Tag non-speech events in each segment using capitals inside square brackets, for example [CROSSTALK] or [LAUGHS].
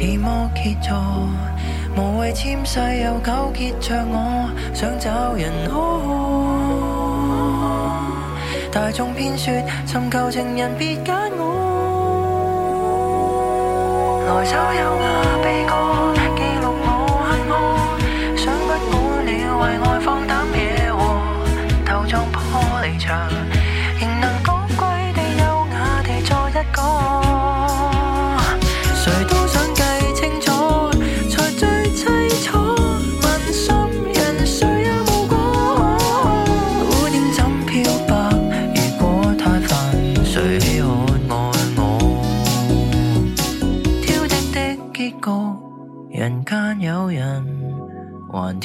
期望結束，無謂纖細又糾結着我，想找人呵護、哦哦。大眾偏說尋求情人別揀我，來首優雅悲歌記錄我坎坷，想不管了為愛放膽惹禍，頭撞玻璃牆。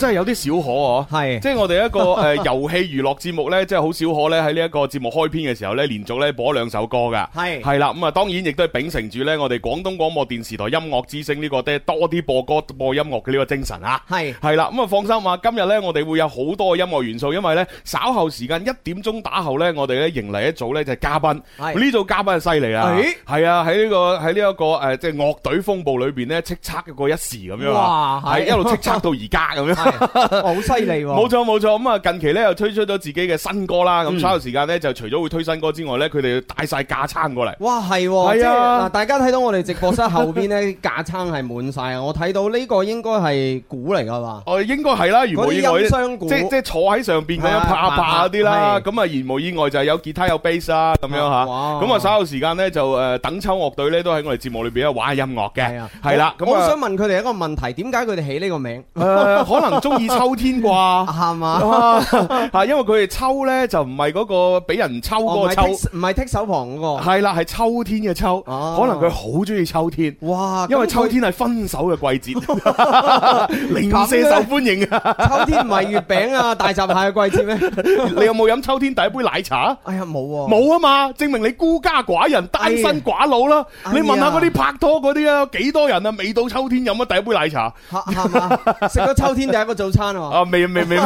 真係有啲少可哦，係，即係我哋一個誒遊戲娛樂節目咧，即係好少可咧喺呢一個節目開篇嘅時候咧，連續咧播兩首歌㗎，係，係啦，咁啊當然亦都係秉承住咧我哋廣東廣播電視台音樂之聲呢個即係多啲播歌播音樂嘅呢個精神啊，係，係啦，咁啊放心啊，今日咧我哋會有好多音樂元素，因為咧稍後時間一點鐘打後咧，我哋咧迎嚟一組咧就係嘉賓，係，呢組嘉賓係犀利啊，係，係啊喺呢個喺呢一個誒即係樂隊風暴裏邊咧叱吒過一時咁樣，係，一路叱吒到而家咁樣。好犀利！冇錯冇錯，咁啊近期咧又推出咗自己嘅新歌啦。咁稍後時間咧就除咗會推新歌之外咧，佢哋帶晒架撐過嚟。哇，係係啊！嗱、啊，大家睇到我哋直播室後邊呢，架撐係滿晒啊！我睇到呢個應該係鼓嚟噶嘛？哦、呃，應該係啦，原無意外。嗰啲音箱鼓，即即係坐喺上邊咁樣啪啪啲啦。咁啊，然、啊啊啊啊、無意外就係有吉他有 bass 啊，咁樣吓。咁啊稍後時間呢，就誒等秋樂隊咧都喺我哋節目裏邊玩下音樂嘅係啦。咁、啊啊、我想問佢哋一個問題：點解佢哋起呢個名、呃？可能。中意秋天啩，係、啊、嘛？係因為佢哋秋咧就唔係嗰個俾人抽嗰個抽，唔係剔手旁嗰，嗰個。係啦，係秋天嘅秋、啊。可能佢好中意秋天。哇！因為秋天係分手嘅季節，零、啊、舍受歡迎啊！秋天唔係月餅啊、大閘蟹嘅季節咩？你有冇飲秋天第一杯奶茶？哎呀，冇啊！冇啊嘛，證明你孤家寡人、單身寡佬啦！你問下嗰啲拍拖嗰啲啊，幾多人啊？未到秋天飲咗第一杯奶茶？係嘛？食、啊、咗秋天第一杯。嗯啊個早餐啊！啊，未未未嘛！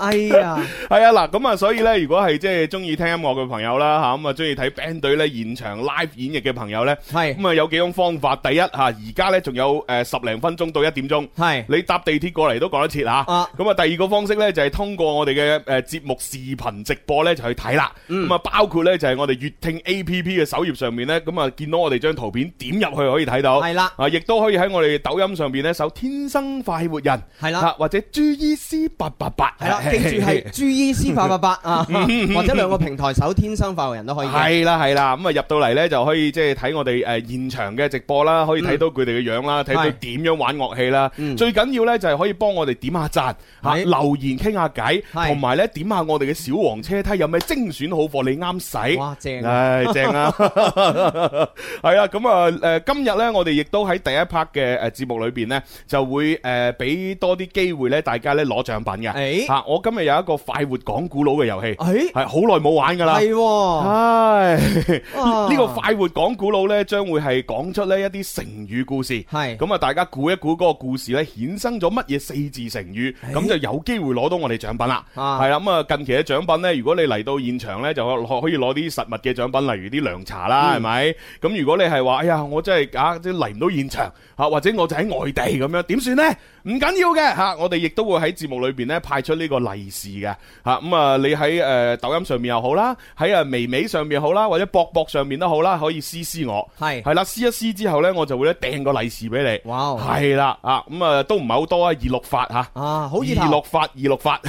哎呀，係啊，嗱咁啊，所以咧，如果係即係中意聽音樂嘅朋友啦，吓咁啊，中意睇 band 隊咧現場 live 演繹嘅朋友咧，係咁啊，有幾種方法。第一吓，而家咧仲有誒十零分鐘到一點鐘，係你搭地鐵過嚟都趕得切吓。咁啊，第二個方式咧就係通過我哋嘅誒節目視頻直播咧就去睇啦。咁啊，包括咧就係我哋粵聽 A P P 嘅首頁上面咧，咁啊見到我哋張圖片，點入去可以睇到。係啦，啊亦都可以喺我哋抖音上邊咧搜《天生快活人》。係啦，或者 JUC 八八八係啦，記住係 JUC 八八八啊！ [LAUGHS] 或者兩個平台搜天生發藝人都可以。係啦係啦，咁啊入到嚟呢就可以即係睇我哋誒現場嘅直播啦，可以睇到佢哋嘅樣啦，睇、嗯、佢點樣玩樂器啦、嗯。最緊要呢就係可以幫我哋點下讚吓，留言傾下偈，同埋咧點下我哋嘅小黃車睇，看看有咩精選好貨你啱使。哇，正！唉，正啊！係、哎、啊，咁 [LAUGHS] [LAUGHS] 啊誒、呃，今日咧我哋亦都喺第一 part 嘅誒節目裏邊咧，就會誒俾。呃多啲機會咧，大家咧攞獎品嘅嚇、欸啊。我今日有一個快活講古佬嘅遊戲，係好耐冇玩噶啦。係、哦，呢、啊這個快活講古佬咧，將會係講出呢一啲成語故事。係咁啊，大家估一估嗰個故事咧，衍生咗乜嘢四字成語，咁、欸、就有機會攞到我哋獎品啦。係、啊、啦，咁啊近期嘅獎品咧，如果你嚟到現場咧，就可以攞啲實物嘅獎品，例如啲涼茶啦，係、嗯、咪？咁如果你係話，哎呀，我真係啊，即嚟唔到現場嚇、啊，或者我就喺外地咁樣，點算咧？唔緊要嘅吓，我哋亦都會喺節目裏邊咧派出呢個利是嘅吓咁啊！你喺誒、呃、抖音上面又好啦，喺啊微微上面好啦，或者博博上面都好啦，可以私私我係係啦，私一私之後咧，我就會咧掟個利是俾你。哇、wow.！係啦啊咁啊，都唔係好多啊，二六法，吓啊，好二二六法，二六法，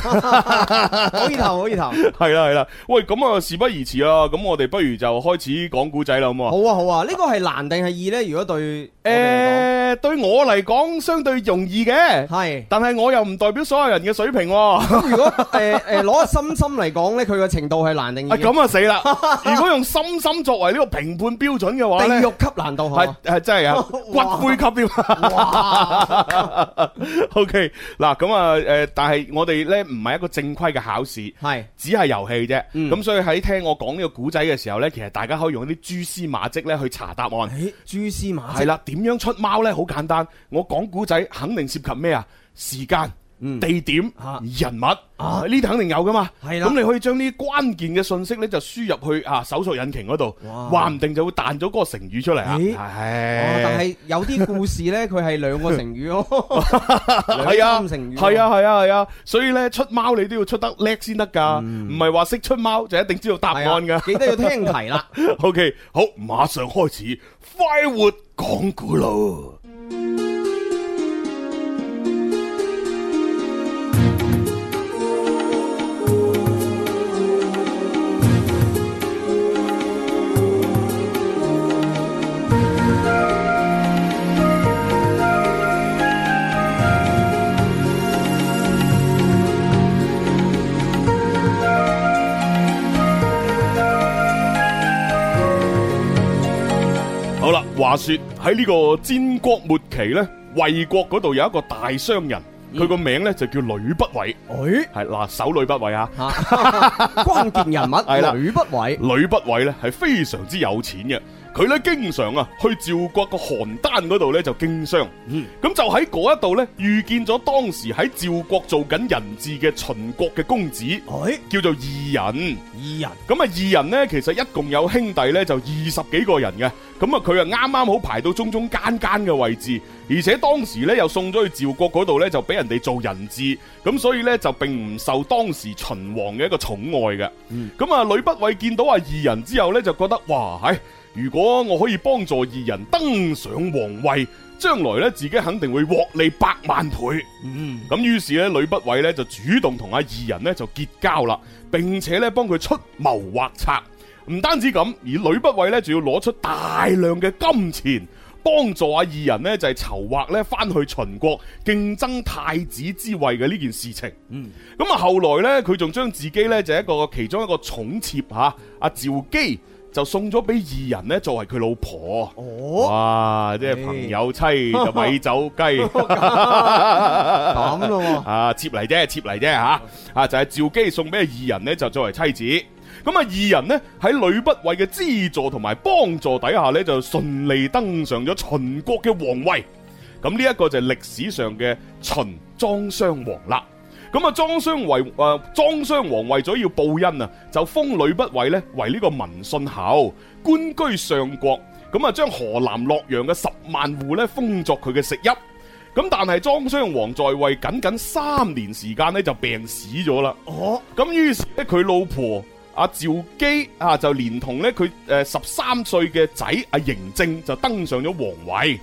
好意頭好意頭，係啦係啦。喂，咁啊，事不宜遲啊，咁我哋不如就開始講古仔啦，好唔好啊？好啊好啊，這個、呢個係難定係易咧？如果對。誒、呃，對我嚟講相對容易嘅，係，但係我又唔代表所有人嘅水平。咁如果誒誒攞個心心嚟講咧，佢 [LAUGHS] 個、呃呃、程度係難定咁啊死啦！ [LAUGHS] 如果用心心作為呢個評判標準嘅話咧，地獄級難度係係真係啊，骨灰級標準。哇， [LAUGHS] 哇 [LAUGHS] ！OK 嗱，咁啊誒，但係我哋咧唔係一個正規嘅考試，係只係遊戲啫。咁、嗯、所以喺聽我講呢個古仔嘅時候咧，其實大家可以用一啲蛛絲馬跡咧去查答案。咦，蛛絲馬跡？係啦。點樣出貓呢？好簡單，我講古仔肯定涉及咩啊？時間、嗯、地點、啊、人物，呢、啊、啲肯定有噶嘛。係啦，咁你可以將呢關鍵嘅信息呢就輸入去啊搜索引擎嗰度，話唔定就會彈咗嗰個成語出嚟啊、欸哎。但係有啲故事呢，佢係兩個成語咯、哦，係啊，三成語、哦，係啊，係啊，係啊，所以呢，出貓你都要出得叻先得噶，唔係話識出貓就一定知道答案噶。記得要聽題啦。 [LAUGHS] OK，好，馬上開始，快活。講古咯。好啦，話說喺呢個戰國末期呢魏國嗰度有一個大商人，佢個名呢就叫呂不韋。係、哎，嗱，首呂不韋啊。關鍵人物係呂 [LAUGHS] 不韋。呂不韋呢係非常之有錢嘅。佢咧經常啊去趙國個邯鄲嗰度咧就經商，咁、嗯、就喺嗰一度咧遇見咗當時喺趙國做緊人質嘅秦國嘅公子，哎，叫做異人。異人，咁啊異人呢其實一共有兄弟咧就二十幾個人嘅，咁啊佢啊啱啱好排到中中間間嘅位置，而且當時咧又送咗去趙國嗰度咧就俾人哋做人質，咁所以咧就並唔受當時秦王嘅一個寵愛嘅。咁啊呂不韋見到啊異人之後咧就覺得哇係。唉如果我可以幫助二人登上皇位，將來咧自己肯定會獲利百萬倍。嗯，咁於是咧呂不韋咧就主動同阿二人咧就結交啦，並且咧幫佢出謀劃策。唔單止咁，而呂不韋咧就要攞出大量嘅金錢幫助阿二人咧就係籌劃咧翻去秦國競爭太子之位嘅呢件事情。嗯，咁啊後來咧佢仲將自己咧就係一個其中一個寵妾吓阿趙姬。趙就送咗俾二人呢作為佢老婆。哦、oh?，即、就、係、是、朋友妻、hey. 就咪走雞，咁咯。啊，接嚟啫，接嚟啫吓。Oh. 啊，就係、是、趙姬送俾二人咧，就作為妻子。咁啊，二人咧喺呂不韋嘅資助同埋幫助底下咧，就順利登上咗秦國嘅皇位。咁呢一個就係歷史上嘅秦莊襄王啦。咁啊，莊襄王誒莊襄王為咗要報恩啊，就封呂不韋呢為呢個文信侯，官居上國。咁啊，將河南洛陽嘅十萬戶呢封作佢嘅食邑。咁但係莊襄王在位僅僅三年時間呢就病死咗啦。哦、啊，咁於是咧佢老婆。阿趙姬啊，就連同咧佢誒十三歲嘅仔阿嬴政，就登上咗皇位。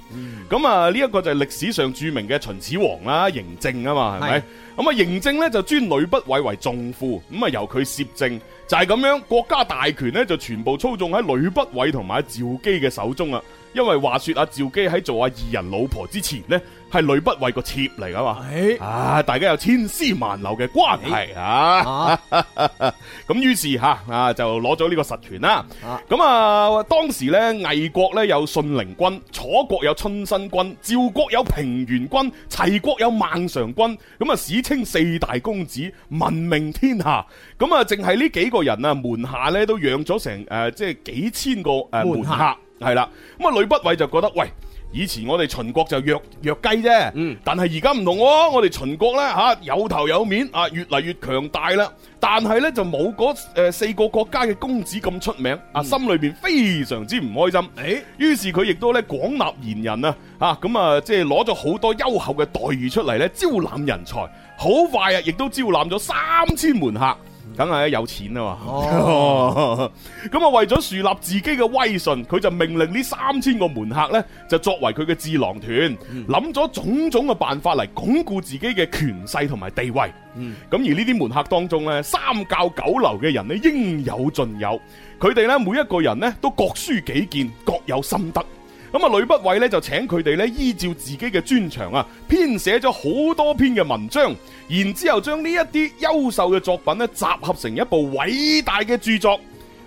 咁啊呢一個就係歷史上著名嘅秦始皇啦，嬴政啊嘛，係咪？咁啊嬴政咧就尊呂不韋為仲父，咁啊由佢攝政，就係、是、咁樣國家大權咧就全部操縱喺呂不韋同埋趙姬嘅手中啊！因為話說阿趙姬喺做阿二人老婆之前呢係呂不韋個妾嚟噶嘛、欸？啊，大家有千絲萬縷嘅關係、欸、啊！咁、啊、於、啊啊、是吓啊，就攞咗呢個實權啦。咁啊、嗯、啊，當時呢魏國呢有信陵君，楚國有春申君，趙國有平原君，齊國有孟嘗君，咁、嗯、啊史稱四大公子，聞名天下。咁、嗯、啊，淨係呢幾個人啊門下呢都養咗成誒、呃，即係幾千個誒、呃、門客。門下係啦，咁啊呂不韋就覺得喂，以前我哋秦國就弱弱雞啫，但係而家唔同、哦，我哋秦國咧吓有頭有面啊，越嚟越強大啦，但係咧就冇嗰誒四個國家嘅公子咁出名，啊心裏邊非常之唔開心，於、嗯、是佢亦都咧廣納賢人啊，咁啊即係攞咗好多優厚嘅待遇出嚟咧招攬人才，好快啊亦都招攬咗三千門客。梗係有錢啦、啊、嘛！咁、哦、啊 [LAUGHS] 為咗樹立自己嘅威信，佢就命令呢三千個門客呢，就作為佢嘅智囊團，諗、嗯、咗種種嘅辦法嚟鞏固自己嘅權勢同埋地位。咁、嗯、而呢啲門客當中呢，三教九流嘅人呢，應有盡有，佢哋呢，每一個人呢，都各抒己見，各有心得。咁啊，呂不韋咧就請佢哋咧依照自己嘅專長啊，編寫咗好多篇嘅文章，然之後將呢一啲優秀嘅作品咧集合成一部偉大嘅著作，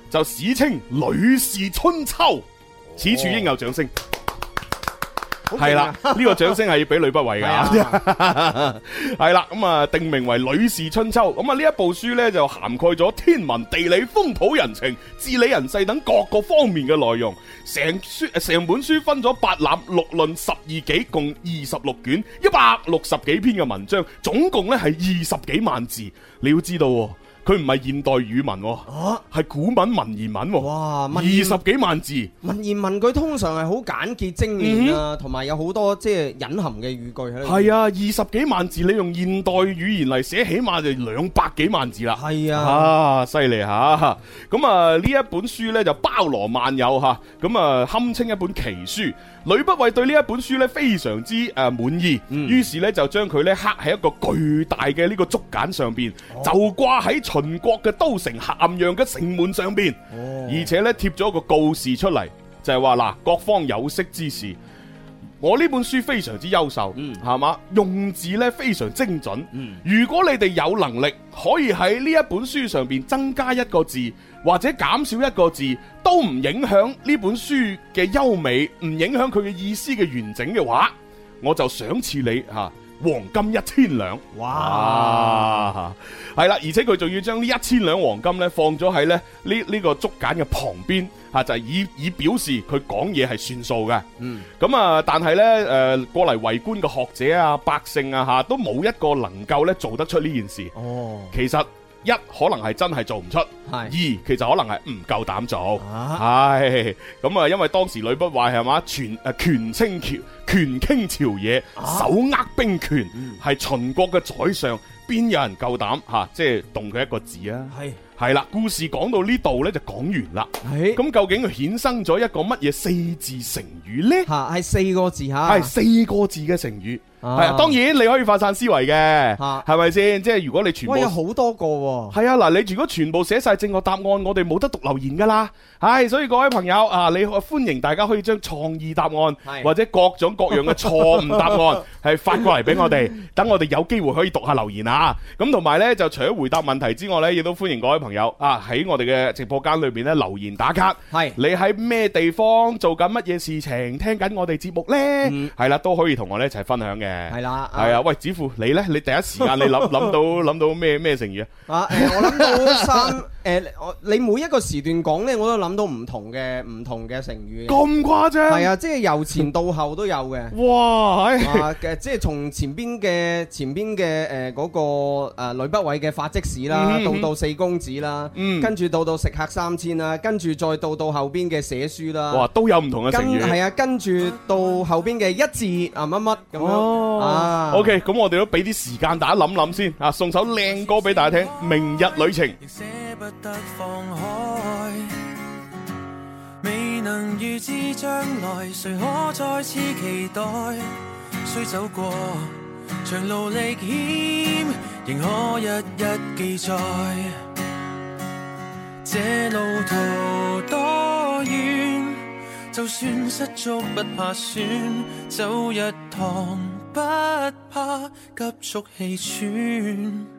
就史稱《呂氏春秋》哦。此處應有掌聲。係啦、啊，呢 [LAUGHS] 個掌聲係要俾呂不韋噶，係 [LAUGHS] 啦， [LAUGHS] 咁啊定名為《呂氏春秋》。咁啊呢一部書呢，就涵蓋咗天文、地理、風土人情、治理人世等各個方面嘅內容。成書成本書分咗八覽、六論、十二紀，共二十六卷，一百六十幾篇嘅文章，總共呢係二十幾萬字。你要知道、哦。佢唔係現代語文、哦，喎、啊，係古文文言文、哦，哇，二十幾萬字文言文佢通常係好簡潔精煉啊，同、嗯、埋有好多即係、就是、隱含嘅語句喺度。係啊，二十幾萬字你用現代語言嚟寫，起碼就兩百幾萬字啦。係啊，犀利嚇！咁啊呢、啊、一本書呢，就包羅萬有嚇，咁啊，啊堪稱一本奇書。呂不韋對呢一本書咧非常之誒滿意，於、嗯、是咧就將佢咧刻喺一個巨大嘅呢個竹簡上邊、哦，就掛喺秦國嘅都城咸陽嘅城門上邊、哦，而且咧貼咗一個告示出嚟，就係話嗱，各方有識之士。我呢本書非常之優秀，嗯、係嘛？用字呢非常精準。嗯、如果你哋有能力，可以喺呢一本書上邊增加一個字或者減少一個字，都唔影響呢本書嘅優美，唔影響佢嘅意思嘅完整嘅話，我就賞賜你吓。啊黃金一千兩，哇，係啦，而且佢仲要將呢一千兩黃金呢放咗喺呢呢呢個竹簡嘅旁邊，吓、啊、就係、是、以以表示佢講嘢係算數嘅。嗯，咁啊，但係呢，誒、呃、過嚟圍觀嘅學者啊、百姓啊，吓都冇一個能夠呢做得出呢件事。哦，其實。一可能係真係做唔出，是二其實可能係唔夠膽做，唉、啊，咁啊、哎！因為當時呂不韋係嘛，權誒傾朝權傾朝野，啊、手握兵權，係、嗯、秦國嘅宰相，邊有人夠膽吓，即係動佢一個字啊？係係是啦，故事講到呢度呢，就講完啦。咁是究竟佢衍生咗一個乜嘢四字成語呢？係、啊、四個字吓，係、啊、四個字嘅成語。係、啊、當然你可以發散思維嘅，係咪先？即係如果你全部，我有好多個、哦，係啊嗱，你如果全部寫晒正確答案，我哋冇得讀留言噶啦。係，所以各位朋友啊，你歡迎大家可以將創意答案、啊、或者各種各樣嘅錯誤答案係 [LAUGHS] 發過嚟俾我哋，等我哋有機會可以讀下留言啊。咁同埋呢，就除咗回答問題之外呢，亦都歡迎各位朋友啊喺我哋嘅直播間裏邊呢留言打卡。係，你喺咩地方做緊乜嘢事情？聽緊我哋節目呢？係、嗯、啦、啊，都可以同我哋一齊分享嘅。係啦，係啊，喂，子富，你咧？你第一時間你諗諗 [LAUGHS] 到諗到咩咩成語啊？啊，欸、我諗到 [LAUGHS] 誒、欸、我你每一個時段講呢，我都諗到唔同嘅唔同嘅成語。咁誇張？係啊，即係由前到後都有嘅。哇！即、哎、係從前邊嘅前邊嘅嗰、那個誒不韋嘅發跡史啦，到、嗯、到四公子啦、嗯，跟住到到食客三千啦，跟住再到到後邊嘅寫書啦。哇、呃！AgenYes, ora 都有唔同嘅成語。係、哦、啊，跟住到後邊嘅一字啊乜乜咁樣啊。O K，咁我哋都俾啲時間大家諗諗先啊，送首靚歌俾大家聽，《明日旅程》。不得放開，未能預知將來，誰可再次期待？雖走過長路歷險，仍可日日記載。這路途多遠？就算失足不怕損，走一趟不怕急速氣喘。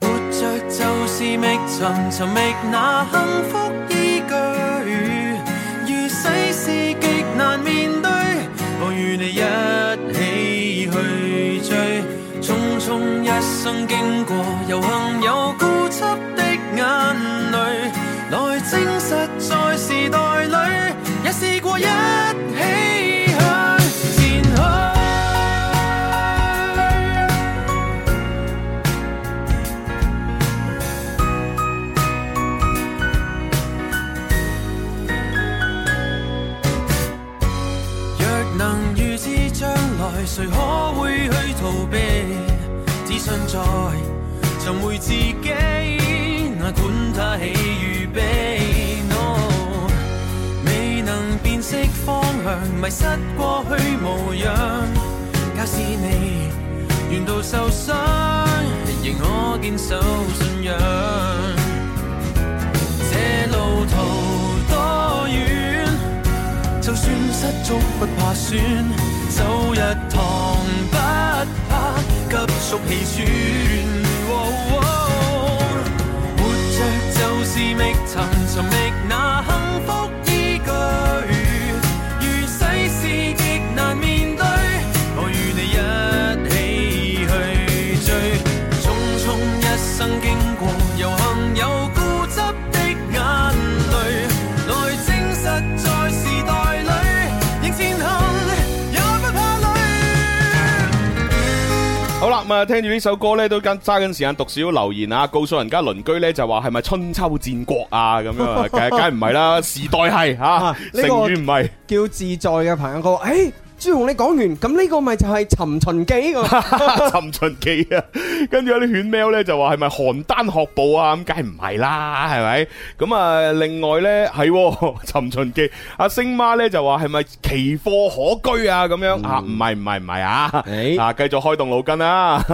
活着就是覓尋，尋覓那幸福依據。如世事極難面對，我與你一起去追。匆匆一生經過，有幸有固執的眼淚，來證實在時代裏，也試過一。誰可會去逃避？只信在尋回自己，那管它喜與悲。哦、no，未能辨識方向，迷失過去模樣。假使你沿途受傷，仍可堅守信仰。這路途多遠？就算失足不怕損，走一趟。不怕急速氣旋，活着就是覓尋尋覓。好啦，咁啊，聽住呢首歌咧，都跟揸緊時間讀少少留言啊，告訴人家鄰居咧，就話係咪春秋戰國啊？咁樣，梗係唔係啦，時代係吓，啊啊、成語唔係、這個、叫自在嘅朋友，佢、欸、誒。朱紅，你講完咁，呢個咪就係《尋秦記》個、 [LAUGHS] 啊《尋、啊啊哦、秦記》啊，星媽就是是奇可居啊？跟住有啲犬喵咧就話係咪《邯鄲學步》啊？咁梗係唔係啦，係咪？咁啊，另外咧係《尋秦記》。阿星媽咧就話係咪《奇貨可居》啊？咁樣啊，唔係唔係唔係啊？啊，繼續開動腦筋啦。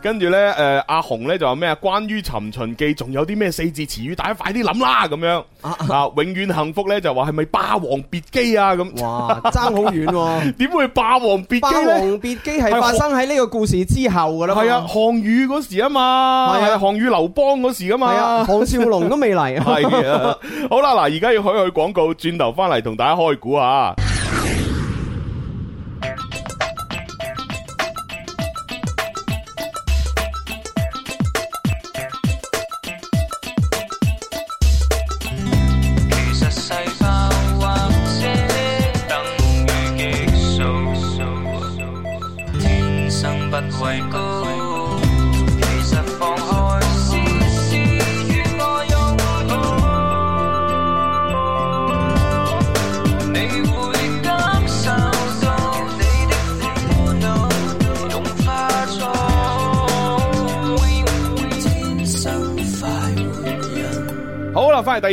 跟住咧，誒，阿紅咧就話咩啊？關於《尋秦記》仲有啲咩四字詞語？大家快啲諗啦！咁樣啊，啊，永遠幸福咧就話係咪《霸王別姬》啊？咁哇，差好遠。 [LAUGHS] 點會霸王別姬？霸王別姬係發生喺呢個故事之後噶啦，係啊，項羽嗰時啊嘛，係啊，項羽劉邦嗰時噶嘛，係啊，項少龍都未嚟。係 [LAUGHS] 啊，好啦，嗱，而家要去下廣告，轉頭翻嚟同大家開估吓。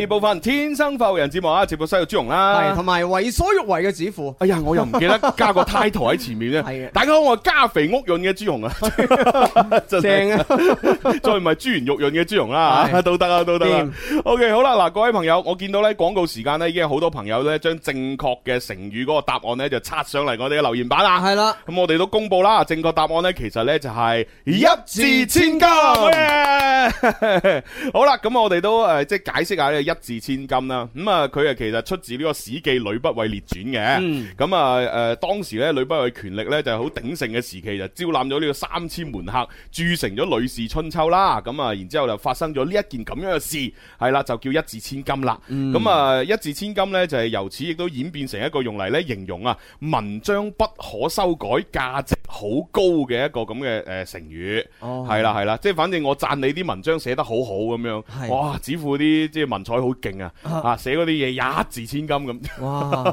部分天生發育人節目啊，直播西藥豬紅啦，係同埋為所欲為嘅指父。哎呀，我又唔記得加個 title 喺前面咧。係大家好，我係加肥屋潤嘅豬紅啊， [LAUGHS] 正啊， [LAUGHS] 再唔係豬圓肉潤嘅豬紅啦吓，都得啊，都得、啊。啊、o、OK, K，好啦，嗱，各位朋友，我見到咧廣告時間呢已經好多朋友咧將正確嘅成語嗰個答案咧就刷上嚟我哋嘅留言板啦。係啦，咁我哋都公布啦，正確答案咧其實咧就係一字千,千金。好，好啦，咁我哋都誒即係解釋下呢一。一字千金啦，咁啊佢啊其實出自呢個《史記·呂不韋列傳》嘅、嗯，咁啊誒當時咧呂不韋權力咧就係好鼎盛嘅時期，就招攬咗呢個三千門客，鑄成咗《呂氏春秋》啦、嗯，咁啊然之後就發生咗呢一件咁樣嘅事，係啦就叫一字千金啦，咁、嗯、啊、嗯、一字千金咧就係由此亦都演變成一個用嚟咧形容啊文章不可修改、價值好高嘅一個咁嘅誒成語，係啦係啦，即係反正我讚你啲文章寫得好好咁樣，哇子乎啲即係文采好。好勁啊！啊，寫嗰啲嘢一字千金咁，哇，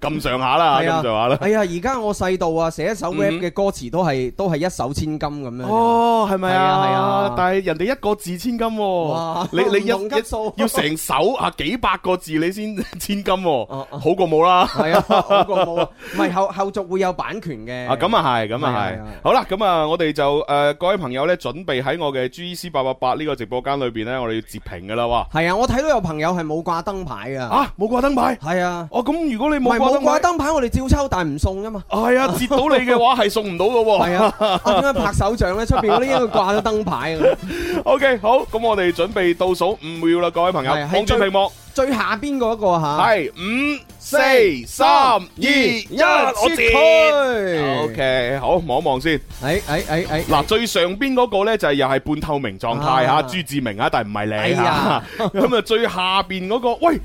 咁上下啦，咁上下啦。哎呀，而家我細度啊，寫、啊、一首 rap 嘅歌詞都係、嗯、都係一首千金咁樣。哦，係咪啊？係啊，啊，啊，啊，啊。但係人哋一個字千金、哦，你你一數你要成首啊 [LAUGHS] 幾百個字你先千金、哦，好過冇啦。係啊，好過冇。唔係、啊、 [LAUGHS] 後後續會有版權嘅。啊，咁啊係，咁啊係。好啦，咁啊，我哋就誒，各位朋友咧，準備喺我嘅 G C 八八八呢個直播間裏邊咧，我哋要截屏噶啦，哇。係啊。我睇到有朋友係冇掛燈牌噶，吓冇掛燈牌，係啊，哦咁如果你冇掛燈牌，我哋照抽但係唔送噶嘛，係啊，接到你嘅話係送唔到噶，係啊，我點樣拍手掌咧，出邊嗰啲應該掛咗燈牌啊，OK，好，咁我哋準備倒數五秒啦，各位朋友，望住屏幕。最下邊嗰、那個吓，係五四三二一，我字。OK，好，望一望先。哎哎哎哎，嗱、哎啊、最上邊嗰個咧就係又係半透明狀態吓，朱志明是不是、哎、啊，但唔係你啊，咁啊最下邊嗰、那個， [LAUGHS] 喂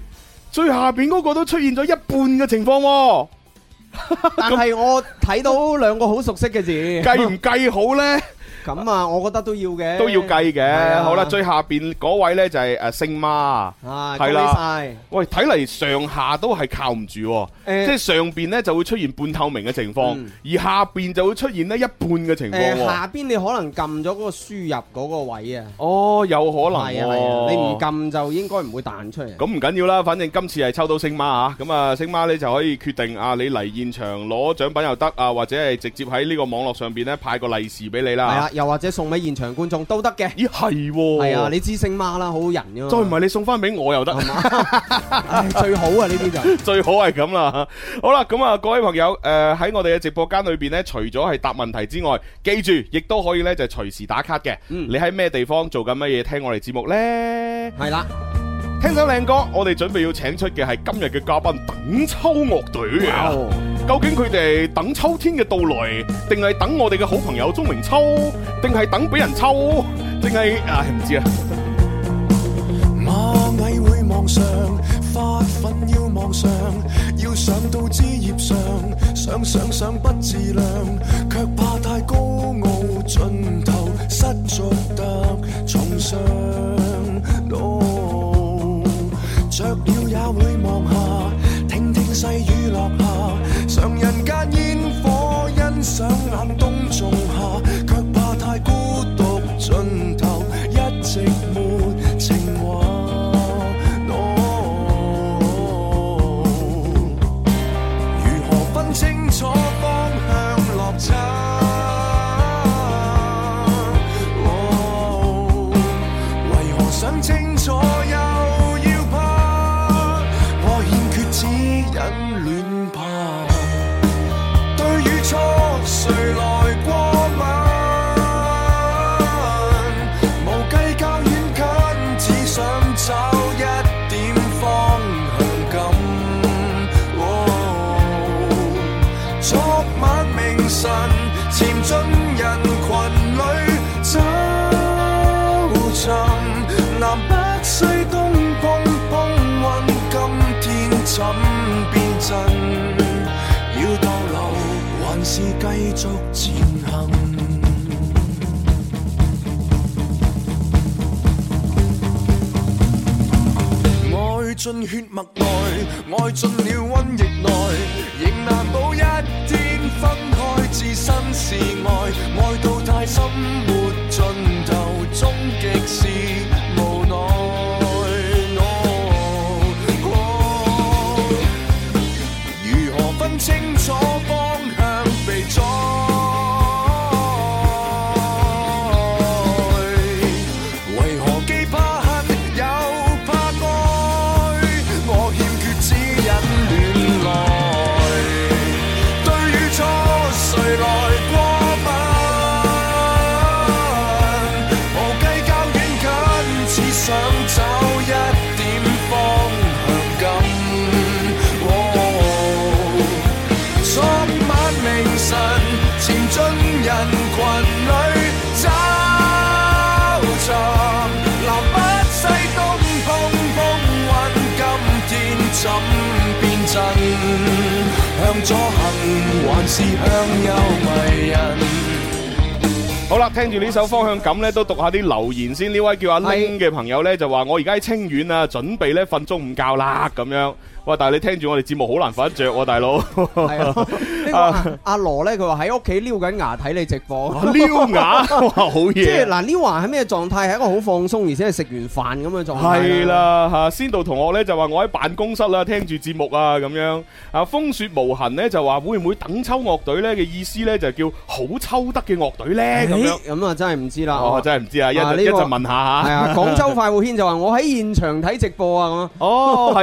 最下邊嗰個都出現咗一半嘅情況喎、啊。但係我睇到兩個好熟悉嘅字，計唔計好咧？咁啊，我覺得都要嘅、啊，都要計嘅、啊。好啦、啊，最下邊嗰位呢就係誒星媽，係、啊、啦、啊。喂，睇嚟上下都係靠唔住喎、啊欸，即係上邊呢就會出現半透明嘅情況，嗯、而下邊就會出現呢一半嘅情況、啊欸。下邊你可能撳咗嗰個輸入嗰個位啊？哦，有可能、啊啊啊，你唔撳就應該唔會彈出嚟。咁唔緊要啦，反正今次係抽到星媽啊！咁啊，星媽呢就可以決定啊，你嚟現場攞獎品又得啊，或者係直接喺呢個網絡上邊呢派個利是俾你啦。又或者送俾現場觀眾都得嘅，咦係喎，係啊，啊，你知星媽啦，好好人嘅，再唔係你送翻俾我又得、 [LAUGHS] [LAUGHS] 哎，最好啊呢啲就是、最好係咁啦。好啦，咁啊各位朋友，誒、呃、喺我哋嘅直播間裏面呢，除咗係答問題之外，記住亦都可以呢，就是、隨時打卡嘅、嗯。你喺咩地方做緊乜嘢聽我哋節目呢？係啦，聽首靚歌，我哋準備要請出嘅係今日嘅嘉賓，等秋樂隊、wow 究竟佢哋等秋天嘅到來，定係等我哋嘅好朋友鍾明秋，定係等俾人抽，定係啊唔知啊。螞蟻會望上，發奮要望上，要上到枝葉上，想想想不自量，卻怕太高傲，盡頭失足得重傷，着了也會望下。細雨落下，常人間煙火，欣賞冷冬仲夏，卻怕太孤獨盡頭，一直沒。繼續前行，愛進血脈內，愛進了瘟疫內，仍難保一天分開置身事外，愛到太深沒盡頭，終極是。向左行還是向右迷人？好啦，聽住呢首方向感呢，都讀下啲留言先。呢位叫阿 Ling 嘅朋友呢，就話：我而家喺清遠啊，準備呢瞓中午覺啦，咁樣。哇！但係你聽住我哋節目好難瞓得着喎，大佬。係啊，阿阿羅咧，佢話喺屋企撩緊牙睇你直播。撩牙哇，好嘢！即係嗱，撩牙係咩狀態？係一個好放鬆，而且係食完飯咁嘅狀態。係啦，吓先導同學咧就話我喺辦公室啦，聽住節目啊咁樣。啊，風雪無痕咧就話會唔會等秋樂隊咧嘅意思咧就叫好抽得嘅樂隊咧咁樣。咁啊，真係唔知啦，我真係唔知啊，一一陣問下吓。係啊，廣州快活軒就話我喺現場睇直播啊咁。哦，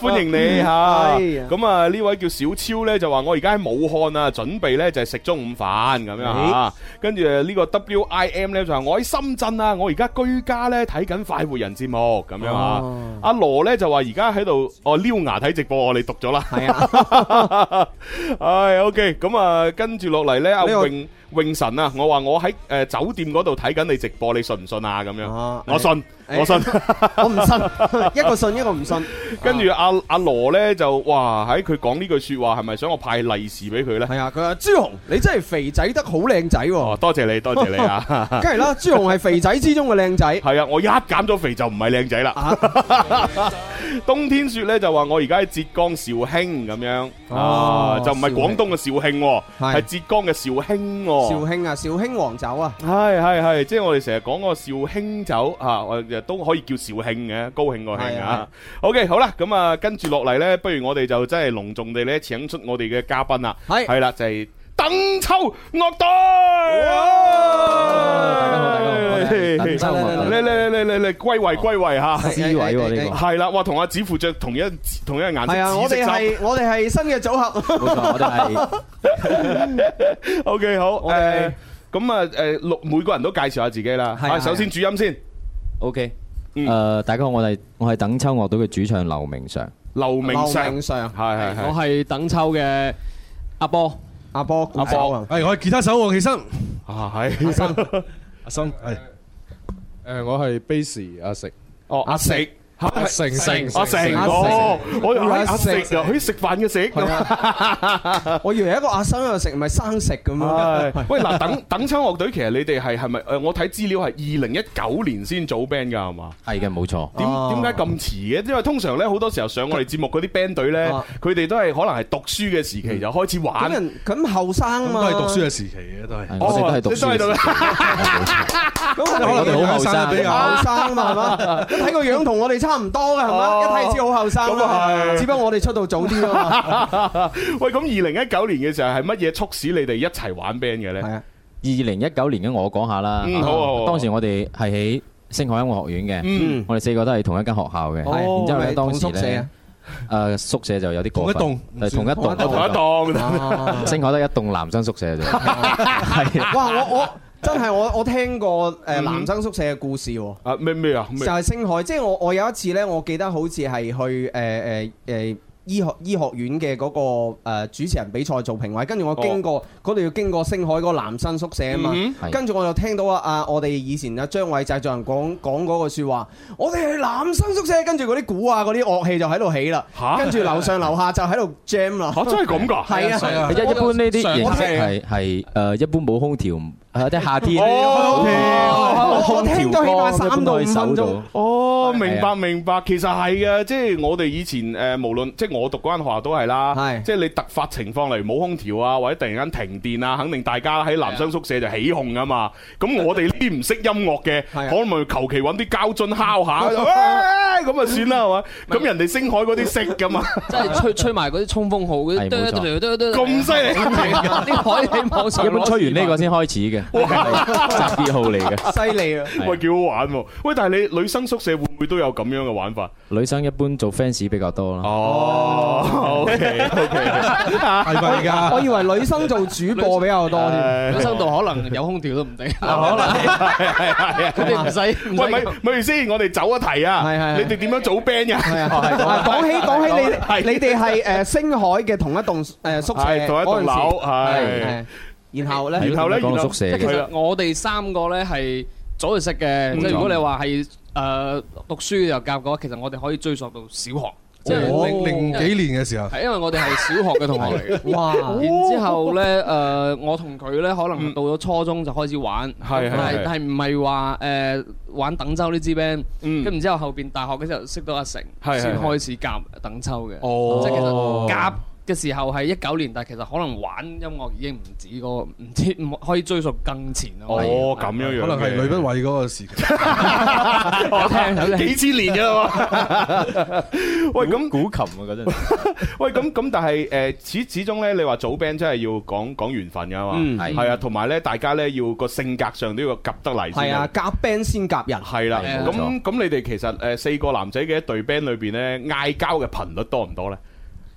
係。歡迎你吓，咁啊呢位叫小超咧就話我而家喺武漢啊，準備咧就係食中午飯咁樣吓，跟住呢個 WIM 咧就話我喺深圳啊，我而家居家咧睇緊快活人節目咁樣啊，阿羅咧就話而家喺度哦撩牙睇直播，我哋讀咗啦，係啊，唉，OK，咁啊跟住落嚟咧阿榮。泳神啊！我話我喺誒酒店嗰度睇緊你直播，你信唔信啊？咁樣，啊，我信，欸、我信，欸、 [LAUGHS] 我唔不信， [LAUGHS] 信，一個信一個唔信。跟住阿阿羅呢就哇喺佢講呢句說話，係咪想我派利是俾佢呢？係啊，佢話朱紅，你真係肥仔得好靚仔喎，啊哦！多謝你，多謝你啊！梗係啦，朱紅係肥仔之中嘅靚仔。係 [LAUGHS] 啊，我一減咗肥就唔係靚仔啦。 [LAUGHS] 冬天雪呢，就話我而家喺浙江紹興咁樣，啊、哦，就唔係廣東嘅紹興，係、哦、浙江嘅紹興，啊。肇慶啊，肇慶黃酒啊，係係係，即係我哋成日講個肇慶酒吓，誒、啊啊、都可以叫肇慶嘅，高慶過慶啊。OK，好啦，咁啊，跟住落嚟呢，不如我哋就真係隆重地咧，請出我哋嘅嘉賓啦，係係是啦，就係、是。等秋樂隊，大家好，大家好，等秋樂隊，嚟嚟嚟嚟嚟嚟，歸位歸位吓，志偉喎，呢個係啦，哇，同阿子乎着同一同一個顏色，我哋係我哋係新嘅組合，冇錯，我哋係 O K 好。誒，咁啊，誒，六每個人都介紹下自己啦。係啊，首先主音先，O K，誒，大家好，我係我係等秋樂隊嘅主唱劉明尚，劉明尚，係係係，我係等秋嘅阿波。阿波阿波、欸、啊，係我係吉他手，我係生啊，係生，阿生係，誒我係 bass 阿食哦阿食。吓成成阿成個，我以為阿食嘅，佢食飯嘅食。我以為一個阿生又食，唔係生食咁啊！喂，嗱，等等秋樂隊，其實你哋係係咪？誒，我睇資料係二零一九年先組 band 噶，係嘛？係嘅，冇錯。點點解咁遲嘅？因為通常咧，好多時候上我哋節目嗰啲 band 隊咧，佢哋都係可能係讀書嘅時期就開始玩。咁後生啊嘛。咁係讀書嘅時期啊，都係。都係讀書。咁我哋後生，後生啊嘛，係嘛？咁睇個樣同我哋。差唔多噶，係嘛？一睇知好後生，只不過我哋出道早啲咯。喂，咁二零一九年嘅時候係乜嘢促使你哋一齊玩 band 嘅咧？係啊，二零一九年嘅我講下啦。嗯，好。當時我哋係喺星海音樂學院嘅，嗯，我哋四個都係同一間學校嘅，然之後喺當時咧，誒宿舍就有啲過分，同一棟，同一棟，同一棟。星海得一棟男生宿舍啫。係，哇！我我。真係我我聽過誒男生宿舍嘅故事。啊咩咩啊,就係星海。即係我我有一次咧，我記得好似係去誒誒誒醫學醫學院嘅嗰個誒主持人比賽做評委，跟住我經過嗰度要經過星海個男生宿舍啊嘛。跟住我就聽到阿阿我哋以前阿張偉製作人講講嗰個說話，我哋去男生宿舍，跟住嗰啲鼓啊嗰啲樂器就喺度起啦，跟住樓上樓下就喺度 jam 啦。吓，真係咁噶？係啊，一一般呢啲形式係係誒一般冇空調。喺啲夏天哦，我我聽都起碼三到五分鐘。哦，明白明白，其實係嘅，即係我哋以前誒，無論即係我讀嗰間學校都係啦。係，即係你突發情況嚟冇空調啊，或者突然間停電啊，肯定大家喺男生宿舍就起哄㗎嘛。咁我哋呢啲唔識音樂嘅，可能求其揾啲膠樽敲下，咁啊算啦，係嘛？咁人哋星海嗰啲識㗎嘛，即係吹吹埋嗰啲衝鋒號，咁犀利！一般吹完呢個先開始嘅。扎 B 號嚟嘅，犀利啊！喂，幾好玩喎！喂，但係你女生宿舍會唔會都有咁樣嘅玩法？女生一般做 fans 比較多咯。哦，OK，OK，係咪噶？我以為女生做主播比較多啲，女生度可能有空調都唔定，可能係啊，佢哋唔使。喂，咪咪先，我哋走一題啊！係係，你哋點樣組 band 噶？係啊，講起講起你係你哋係誒星海嘅同一棟誒宿舍，同一棟樓係。然後咧，然後咧，即係其實我哋三個咧係早就識嘅，即係如果你話係誒讀書又夾嘅話，其實我哋可以追溯到小學，即係零零幾年嘅時候。係，因為我哋係小學嘅同學嚟嘅。哇！然之後咧，誒，我同佢咧可能到咗初中就開始玩，係係，但係唔係話誒玩等秋呢支 band，咁然之後後邊大學嘅時候識到阿成，先開始夾等秋嘅。哦，即係其實夾。嘅時候係一九年，但係其實可能玩音樂已經唔止、嗰個唔知唔可以追溯更前哦，咁樣樣，可能係呂不韋嗰個時期。我聽，幾千年㗎喎 [LAUGHS] 喂，咁古琴啊嗰陣。 [LAUGHS] 喂，咁咁，但係誒，始始終咧，你話組 band 真係要講講緣分㗎嘛？嗯，係啊，同埋咧，嗯、大家咧要個性格上都要夾得嚟。係啊，夾 band 先夾人。係啦、啊，咁咁、啊，你哋其實誒四個男仔嘅一隊 band 裏邊咧，嗌交嘅頻率多唔多咧？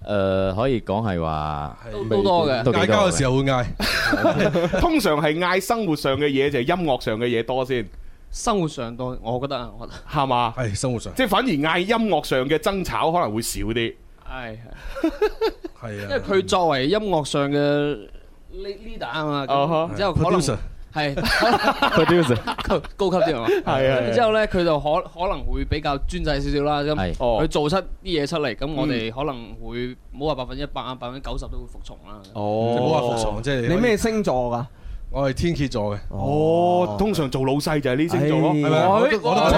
誒，可以講係話都多嘅，嗌交嘅時候會嗌，通常係嗌生活上嘅嘢就係音樂上嘅嘢多先。生活上多，我覺得啊，我覺得，係嘛？係生活上，即係反而嗌音樂上嘅爭吵可能會少啲。係係係啊，因為佢作為音樂上嘅 leader 啊嘛，然之後可能。係， [LAUGHS] 高級啲係嘛，係啊 [LAUGHS] 的。之的後咧，佢的就可可能會比較專制少少啦，咁佢的做出啲嘢出嚟，咁、哦、我哋可能會冇話百分之一百啊，百分之九十都會服從啦。哦，冇話服從，你咩星座噶？我係天蠍座嘅，我通常做老細就係呢星座，係咪？我都係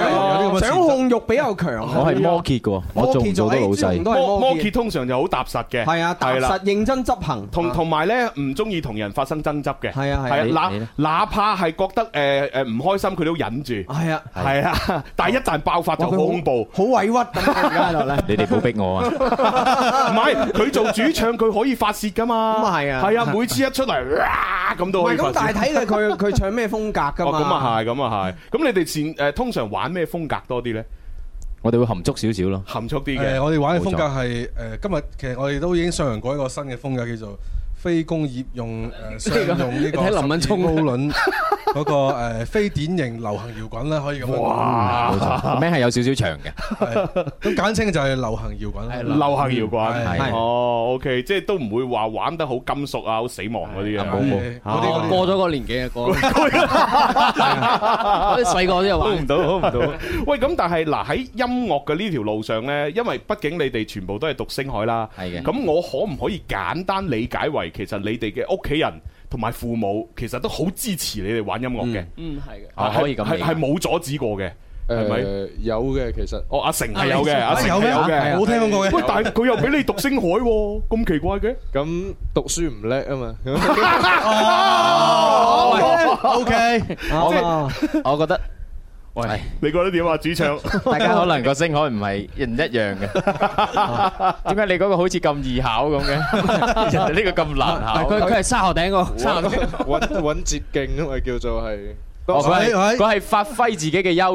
啊，掌控欲比較強。我係摩羯嘅，我做唔到老細。摩摩羯通常就好踏實嘅，係啊，踏實認真執行。同同埋咧，唔中意同人發生爭執嘅，係啊係啊。那哪怕係覺得誒誒唔開心，佢都忍住。係啊係啊，但係一旦爆發就好恐怖，好委屈。你哋唔好逼我啊！唔係佢做主唱，佢可以發泄噶嘛？咁啊係啊！係啊，每次一出嚟，哇咁都可以。係睇佢佢唱咩風格噶嘛？哦，咁啊係，咁啊係。咁你哋前誒、呃、通常玩咩風格多啲咧、欸？我哋會含蓄少少咯，含蓄啲嘅。我哋玩嘅風格係誒，今日錯、呃、其實我哋都已經上揚過一個新嘅風格叫做。非工業用誒，想用呢個睇林敏聰奧倫嗰個誒非典型流行搖滾咧，可以咁樣。哇，名係有少少長嘅。咁簡稱就係流行搖滾。係流行搖滾。係哦，OK，即係都唔會話玩得好金屬啊、好死亡嗰啲嘢，冇冇？嗰啲過咗個年紀嘅歌。細個都有玩。hold 唔到，hold 唔到。喂，咁但係嗱喺音樂嘅呢條路上咧，因為畢竟你哋全部都係讀星海啦。係嘅。咁我可唔可以簡單理解為？其實你哋嘅屋企人同埋父母，其實都好支持你哋玩音樂嘅。嗯，係、嗯、嘅，可以咁樣。係冇阻止過嘅。誒、呃，有嘅，其實，哦，阿成係有嘅、啊，阿成有嘅，冇、啊啊、聽講過嘅。喂，但係佢又俾你讀星海、哦，咁 [LAUGHS] 奇怪嘅。咁讀書唔叻啊嘛。O K，即係我覺得。 [LAUGHS] [LAUGHS] 喂，你覺得點啊？主唱，大家可能個聲口唔係唔一樣嘅，點解 [LAUGHS] 你嗰個好似咁易考咁嘅？ [LAUGHS] 人哋呢個咁難考，佢佢係沙河頂個、沙河頂個、啊，揾 [LAUGHS] 揾捷徑啊嘛，叫做係。佢係佢係發揮自己嘅優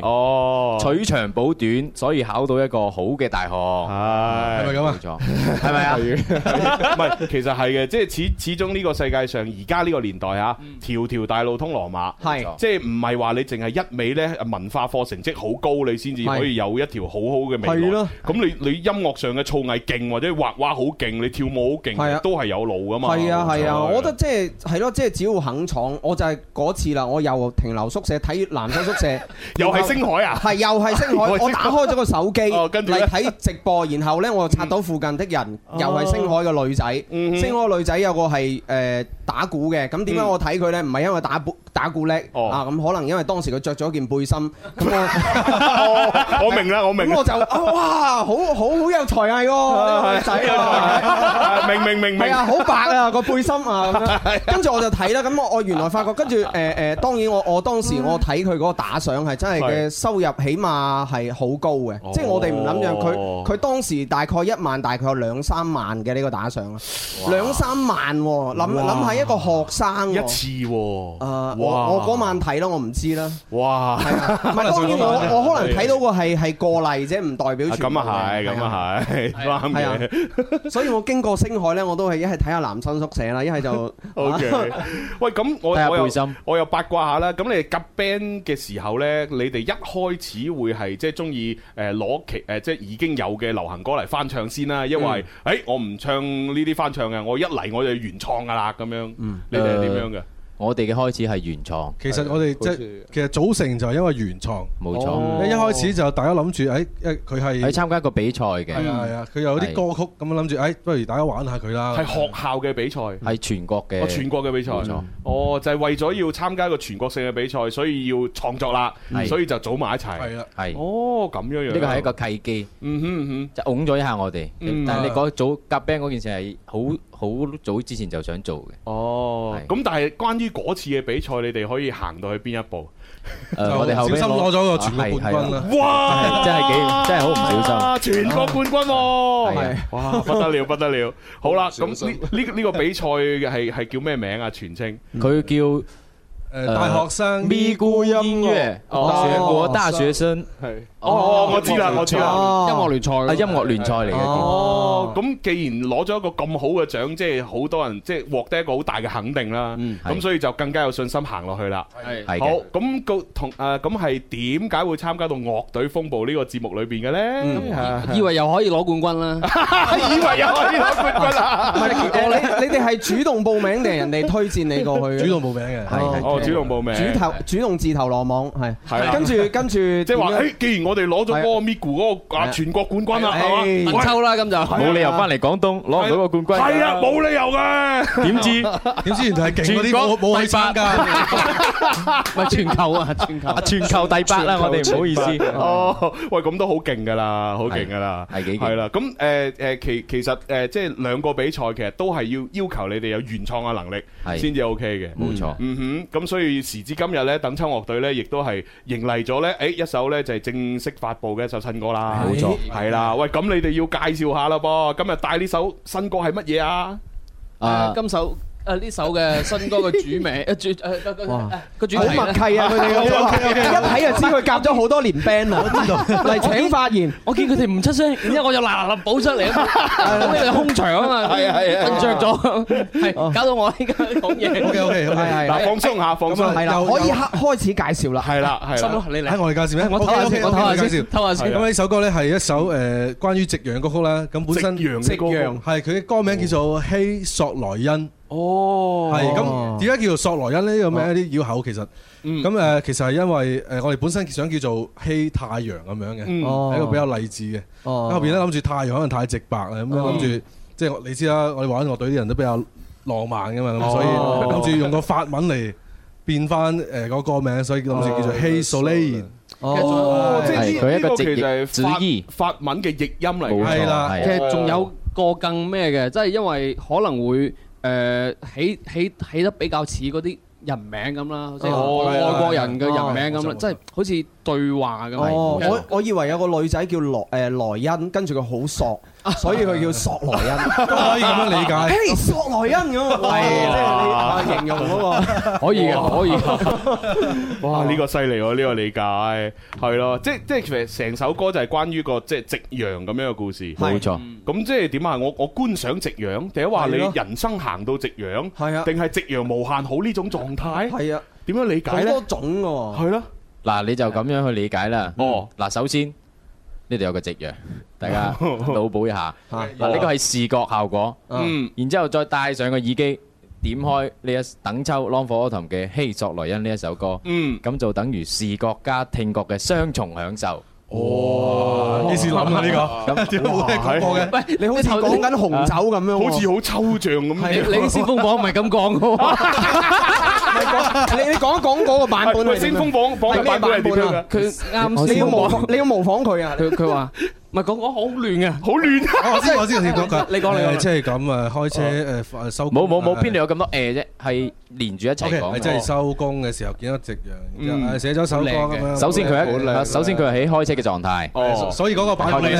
處，哦，取長補短，所以考到一個好嘅大學，係係咪咁啊？冇錯，係咪啊？唔 [LAUGHS] 係，其實係嘅，即係始始終呢個世界上而家呢個年代啊、嗯，條條大路通羅馬，係即係唔係話你淨係一味咧文化科成績好高，你先至可以有一條好好嘅未來。係咁你你音樂上嘅造詣勁，或者畫畫好勁，你跳舞好勁，啊，都係有路噶嘛。係啊係啊，啊，我覺得即係係咯，即係只要肯闖，我就係嗰次啦，我。又停留宿舍睇男生宿舍， [LAUGHS] 又係星海啊！係又係星海，我打開咗個手機嚟睇、 [LAUGHS] 哦、直播，然後咧我就刷到附近的人，嗯、又係星海嘅女仔，哦、星海女仔有個係誒。呃打鼓嘅，咁點解我睇佢咧？唔、嗯、係因為打鼓打鼓叻、哦、啊！咁可能因為當時佢着咗件背心，咁、哦、我、哦、 [LAUGHS] 我明啦，我明咁我就哇，好好好，好有才藝喎，個、啊、仔啊，啊！明明明明啊，好白啊，明白啊，白啊，啊、啊、那個背心啊！跟 [LAUGHS] 住我就睇啦。咁我我原來發覺跟住誒誒，當然我我當時我睇佢嗰個打賞係真係嘅收入起是很，起碼係好高嘅。即、哦、係我哋唔諗住佢佢當時大概一萬大概有兩三萬嘅呢個打賞啦，兩三萬諗諗喺。一個學生一次喎、喔，誒、呃，我嗰晚睇咯，我唔知啦。哇、啊，唔係，當然我我可能睇到個係係個例啫，唔代表住。咁啊係，咁啊係，啱嘅、啊啊啊。所以，我經過星海咧，我都係一係睇下男生宿舍啦，一係就，OK、啊。喂，咁我看看心我我又八卦下啦。咁你夾 band 嘅時候咧，你哋一開始會係即係中意誒攞其誒即係已經有嘅流行歌嚟翻唱先啦、啊，因為誒我唔唱呢啲翻唱嘅，我一嚟我就原創噶啦咁樣。嗯，你哋係點樣嘅？我哋嘅開始係原創。其實我哋即係其實組成就係因為原創，冇錯。一一開始就大家諗住，誒，佢係，係參加一個比賽嘅，係啊，佢有啲歌曲咁樣諗住，誒，不如大家玩下佢啦。係學校嘅比賽，係全國嘅。哦，全國嘅比賽，冇錯。哦，就係為咗要參加一個全國性嘅比賽，所以要創作啦，所以就組埋一齊。係啊，係。哦，咁樣樣。呢個係一個契機，嗯哼哼，就拱咗一下我哋。但係你講組夾 band 嗰件事係好。好早之前就想做嘅。哦，咁但係關於嗰次嘅比賽，你哋可以行到去邊一步？我哋小心攞咗個全國冠軍啦！哇，真係幾，真係好唔小心。全國冠軍，哇，不得了，不得了！好啦，咁呢呢個比賽係係叫咩名啊？全稱，佢叫誒大學生咪咕音樂，全國大學生係。哦，我知啦，我知啦，音樂聯賽啊，音樂聯賽嚟嘅。哦，咁既然攞咗一個咁好嘅獎，即係好多人即係獲得一個好大嘅肯定啦。嗯，咁所以就更加有信心行落去啦。係，係。好，咁個同誒咁係點解會參加到樂隊風暴呢個節目裏邊嘅咧？以為又可以攞冠軍啦，以為又可以攞冠軍啦。唔係，我你你哋係主動報名定係人哋推薦你過去？主動報名嘅，係，哦，主動報名，主頭主動自投羅網，係，係，跟住跟住，即係話誒，既然我。我哋攞咗嗰個咪咕嗰個啊全國冠軍啦，係嘛？秋啦咁就冇理由翻嚟廣東攞唔到個冠軍。係啊，冇理由嘅。點知點知原來係勁嗰啲冇冇起班㗎？咪全球啊，全球全球第八啦，我哋唔好意思。哦，喂，咁都好勁㗎啦，好勁㗎啦，係幾勁？係啦，咁誒誒其其實誒即係兩個比賽，其實都係要要求你哋有原創嘅能力，係先至 OK 嘅，冇錯。嗯哼，咁所以時至今日咧，等秋樂隊咧亦都係迎嚟咗咧，誒一首咧就係正。識發布嘅一首新歌啦，冇錯，係啦，喂，咁你哋要介紹下啦噃，今日帶呢首新歌係乜嘢啊？啊，今首。誒，呢首嘅新歌嘅主名，誒主誒，個個好默契啊！佢哋一睇就知佢夾咗好多年 band 啦。我知道，嚟請發言。我見佢哋唔出聲，然之後我就嗱嗱嗱補出嚟啊嘛。咁啊，空場啊嘛，瞓着咗，係搞到我依家講嘢。O K O K，係放鬆下，放鬆係啦。可以開開始介紹啦，係啦，係啦。心，你嚟。喺我哋介紹咩？我睇下先，我睇下先。咁呢首歌咧係一首誒，關於夕陽嘅歌曲啦。咁本身夕陽嘅歌，係佢嘅歌名叫做希索萊恩。哦，係咁，點解叫做索羅恩呢個名？啲妖口其實，嗯，其實咁誒，其實係因為誒我哋本身想叫做希太陽咁樣嘅，嗯、一個比較勵志嘅。後邊咧諗住太陽可能太直白啊，咁諗住即係你知啦，我哋玩文樂隊啲人都比較浪漫嘅嘛，咁、哦、所以諗住用個法文嚟變翻誒個名，所以諗住叫做希索雷。哦，即係佢一個直譯，法文嘅譯音嚟。係啦，其實仲有個更咩嘅，即、就、係、是、因為可能會。誒、呃、起起起得比較似嗰啲人名咁啦，即係外國人嘅人名咁啦，即係好似。哎對話噶嘛？哦，我我以為有個女仔叫萊誒萊恩，跟住佢好索，所以佢叫索萊恩，都可以咁樣理解。索萊恩咁啊，係即係你形容嗰個，可以嘅，可以嘅。哇，呢個犀利喎！呢個理解係咯，即係即係其實成首歌就係關於個即係夕陽咁樣嘅故事，冇錯。咁即係點啊？我我觀賞夕陽，定係話你人生行到夕陽，係啊？定係夕陽無限好呢種狀態？係啊？點樣理解咧？好多種噶，係咯。嗱，你就咁樣去理解啦。哦，嗱，首先呢度有個夕陽，大家腦補一下。嗱，呢個係視覺效果。嗯。然之後再戴上個耳機，點開呢一等秋 Long for Autumn 嘅希索萊恩呢一首歌。嗯。咁就等於視覺加聽覺嘅雙重享受。哦，幾時諗下呢個？點解冇聽過嘅？喂，你好似講緊紅酒咁樣，好似好抽象咁。你你先瘋講唔係咁講嘅喎。 [LAUGHS] 你你講一講嗰個版本啊，先鋒榜榜係咩版本啊？佢啱你要模你要模仿佢 [LAUGHS] 啊！佢佢話。唔係，講講好亂啊，好亂啊！我先我先同你講講，你講你係即係咁啊！開車誒收冇冇冇邊度有咁多誒啫？係連住一齊講，係即係收工嘅時候見到夕陽，寫咗首歌咁樣。首先佢喺，首先佢係喺開車嘅狀態。哦，所以嗰個版本咧，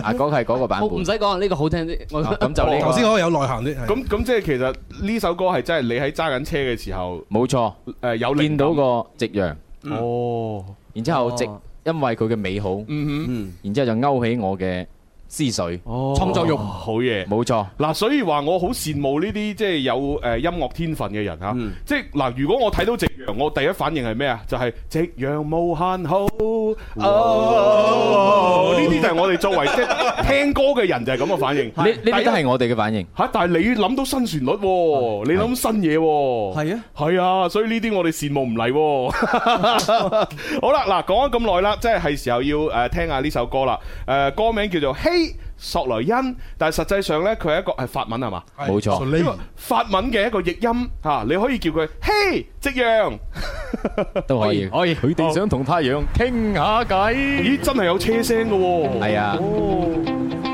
啊，嗰係嗰個版本。唔使講，呢個好聽啲。我咁就你我先可以有內涵啲。咁咁即係其實呢首歌係真係你喺揸緊車嘅時候。冇錯，誒有見到個夕陽。哦，然之後夕。因為佢嘅美好，嗯哼，然之後就勾起我嘅。思緒，創作又好嘢，冇錯。嗱，所以話我好羨慕呢啲即係有誒音樂天分嘅人吓。即係嗱，如果我睇到夕陽，我第一反應係咩啊？就係夕陽無限好。呢啲就係我哋作為即聽歌嘅人就係咁嘅反應。你你都係我哋嘅反應。吓，但係你諗到新旋律，你諗新嘢。係啊，係啊，所以呢啲我哋羨慕唔嚟。好啦，嗱，講咗咁耐啦，即係係時候要誒聽下呢首歌啦。誒，歌名叫做《希》。索萊恩，但係實際上呢，佢係一個係法文係嘛？冇錯，錯法文嘅一個譯音嚇，你可以叫佢嘿，夕陽都可以，可以，佢哋想同太陽傾下偈。咦，真係有車聲嘅喎。係啊。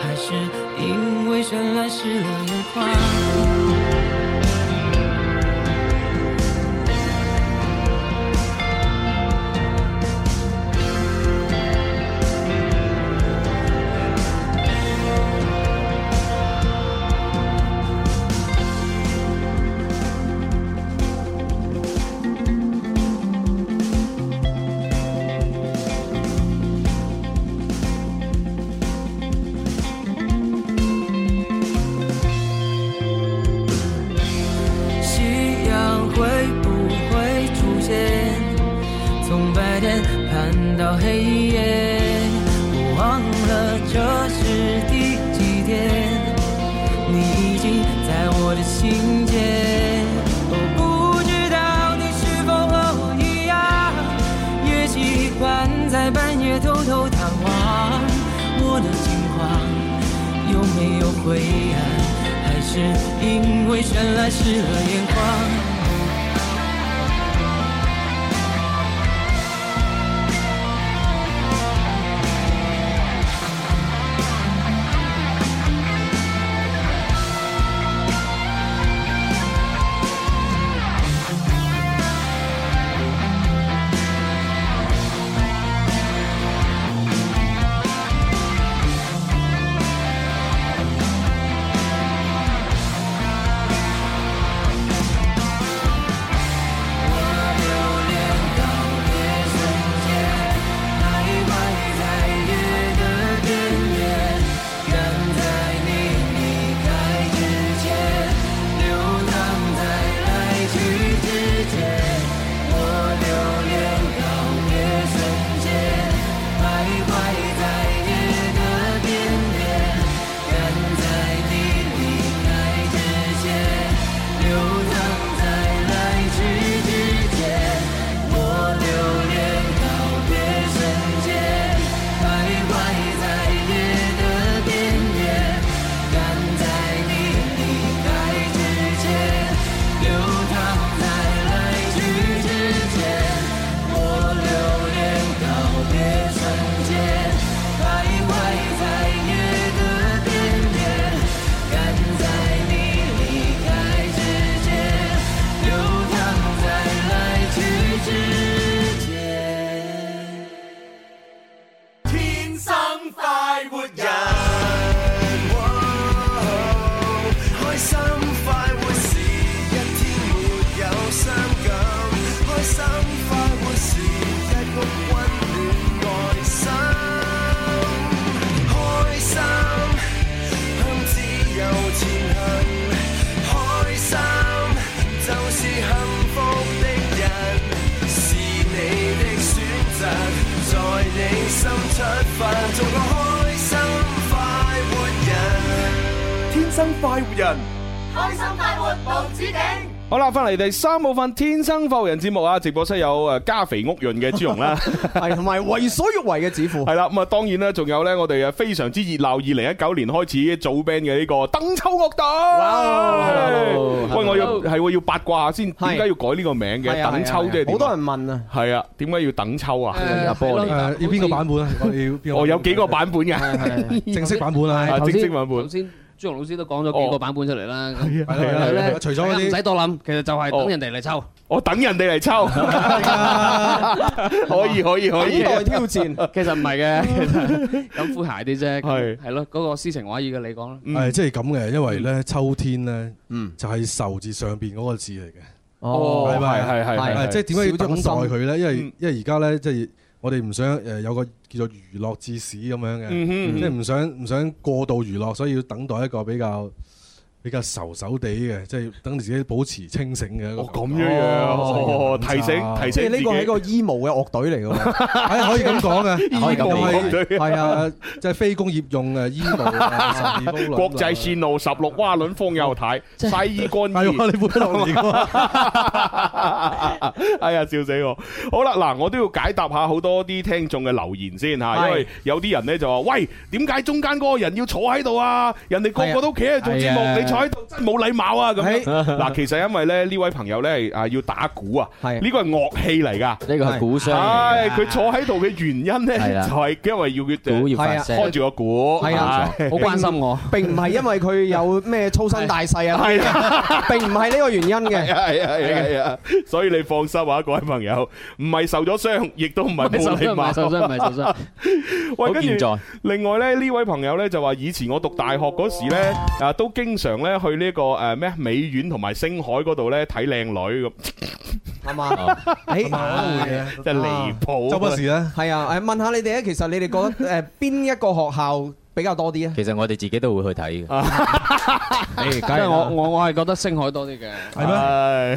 還是因為絢爛失了年華。出發做個開心快活人，天生快活人，開心快活無止境。寶寶寶寶寶寶好啦，翻嚟第三部分《天生浮人》節目啊！直播室有誒加肥屋潤嘅朱蓉啦，係同埋為所欲為嘅子富係啦，咁 [LAUGHS] 啊當然啦，仲有咧，我哋啊非常之熱鬧，二零一九年開始組 band 嘅呢個等秋樂隊。哦哦哦、喂、哦喂哦，我要係喎、哦、要、要、要八卦下先，點解要改呢個名嘅等秋嘅？好多人問啊。係啊，點解要等秋啊？要邊個版本啊？我、 [LAUGHS] 哦、有幾個版本嘅 [LAUGHS] 正式版本啊？版先。朱龍老師都講咗幾個版本出嚟啦，除咗嗰啲唔使多諗，其實就係等人哋嚟抽。我等人哋嚟抽，可以可以可以。等待挑戰，其實唔係嘅，咁敷衍啲啫。係係咯，嗰個詩情畫意嘅你講啦。係即係咁嘅，因為咧秋天咧，就係愁字上邊嗰個字嚟嘅，係咪？係係係，即係點解要等待佢咧？因為因為而家咧即係。我哋唔想誒有個叫做娛樂至死咁樣嘅，嗯、即係唔想唔想過度娛樂，所以要等待一個比較比較愁愁地嘅，即係等自己保持清醒嘅哦，咁樣樣提醒提醒，即係呢個係一個衣帽嘅樂隊嚟嘅，係 [LAUGHS] 可以咁講嘅，衣帽樂隊係啊，即係、 [LAUGHS] 就是，非工業用嘅衣帽，國際線路十六蛙輪方有太，西衣干 [LAUGHS] [LAUGHS] 哎呀，笑死我！好啦，嗱，我都要解答下好多啲聽眾嘅留言先吓，因為有啲人咧就話喂，點解中間嗰個人要坐喺度啊？人哋個個都企喺度做節目，哎、你。坐喺度真冇禮貌啊！咁樣嗱，其實因為咧呢位朋友咧啊要打鼓啊，呢個係樂器嚟㗎，呢個係鼓商。係佢坐喺度嘅原因咧，就係因為要佢鼓要發聲，開住個鼓。係啊，好關心我。並唔係因為佢有咩粗身大細啊。並唔係呢個原因嘅。係啊係啊，所以你放心話，各位朋友，唔係受咗傷，亦都唔係冇禮貌。受傷唔係受傷。喂，跟住。另外咧呢位朋友咧就話：以前我讀大學嗰時咧啊都經常。咧去呢個誒咩美院同埋星海嗰度咧睇靚女咁，係嘛？誒，即係離譜，周不時咧，係啊！誒，問下你哋咧，其實你哋覺得誒邊一個學校比較多啲啊？其實我哋自己都會去睇嘅，因為我我我係覺得星海多啲嘅，係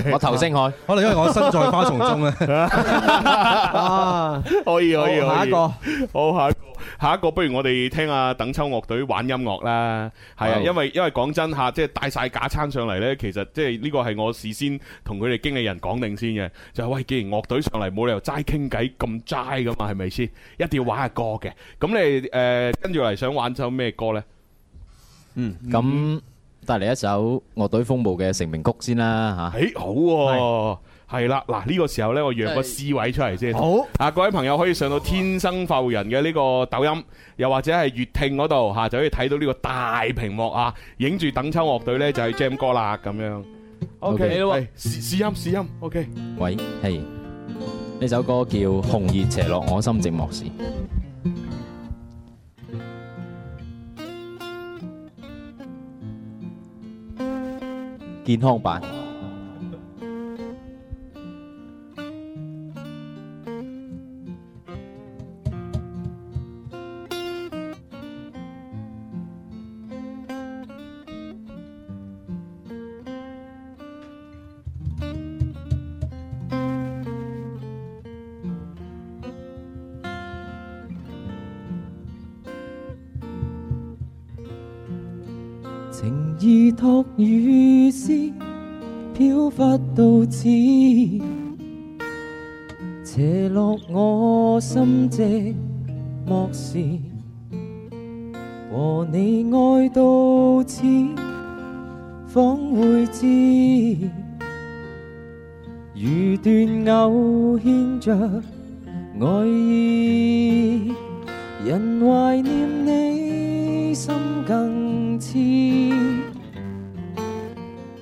咩？我投星海，可能因為我身在花叢中咧。啊，可以可以，下一個，好啊。下一個不如我哋聽下等秋樂隊玩音樂啦，係啊，因為因為講真吓，即係帶晒架撐上嚟呢，其實即係呢個係我事先同佢哋經理人講定先嘅，就係喂，既然樂隊上嚟，冇理由齋傾偈咁齋噶嘛，係咪先？一定要玩下歌嘅。咁你誒跟住嚟想玩首咩歌呢？嗯，咁帶嚟一首樂隊風暴嘅成名曲先啦，吓。誒，好。係啦，嗱、這、呢個時候呢，我約個 C 位出嚟先。好、就是，啊各位朋友可以上到天生浮人嘅呢個抖音，又或者係月聽嗰度吓，就可以睇到呢個大屏幕啊，影住等秋樂隊呢，就係 Jam 哥啦咁樣。OK，好、okay, yeah,，試音試音。OK，喂，係、hey, 呢首歌叫《紅葉斜落我心寂寞時》，健康版。托雨絲，飄忽到此，斜落我心寂寞時。和你愛到此，方會知。如斷藕牽着愛意，人懷念你心更痴。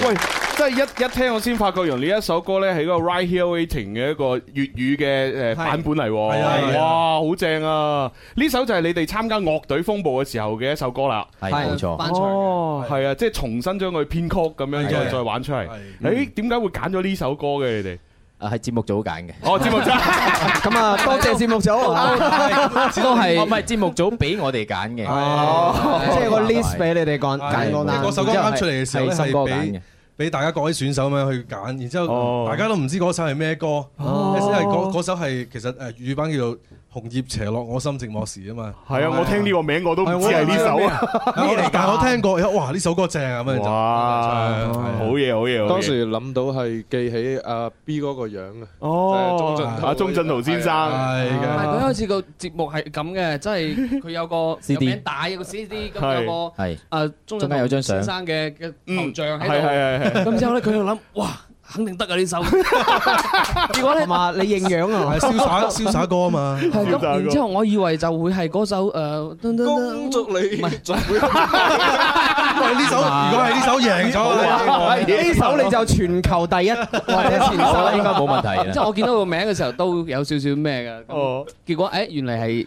喂，真係一一聽我先發覺、right，原來呢、啊、一首歌咧係個《Right Here Waiting》嘅一個粵語嘅誒版本嚟，係啊，哇，好正啊！呢首就係你哋參加樂隊風暴嘅時候嘅一首歌啦，係冇錯，翻唱，係啊，即係重新將佢編曲咁樣再再玩出嚟。誒，點解、嗯、會揀咗呢首歌嘅你哋？啊，係節目組揀嘅。哦、嗯，節目組，咁啊，多謝節目組。始終係，唔係節目組俾我哋揀嘅。哦，即係個 list 俾你哋揀。揀我嗰首歌啱出嚟嘅時候咧，係俾俾大家各位選手咁樣去揀。哦、然之後大家都唔知嗰首係咩歌，因為嗰首係其實誒粵語版叫做。紅葉斜落我心寂寞時啊嘛，係啊，我聽呢個名我都唔知係呢首，但係我聽過，哇，呢首歌正啊，咁樣就，好嘢，好嘢，當時諗到係記起阿 B 哥個樣啊，哦，阿鍾鎮濤先生，係嘅，同埋佢開始個節目係咁嘅，即係佢有個 CD 帶個 CD，咁有個係，阿鍾鎮濤先生嘅嘅頭像喺度，咁之後咧佢又諗，哇！肯定得啊！呢首，如果你係嘛，你形象啊，係瀟灑瀟灑歌啊嘛。係咁，然之後我以為就會係嗰首誒，祝你。唔係喂，呢首，如果係呢首贏咗嘅話，呢首你就全球第一或者前十，應該冇問題啦。即係我見到個名嘅時候都有少少咩㗎，結果誒原嚟係。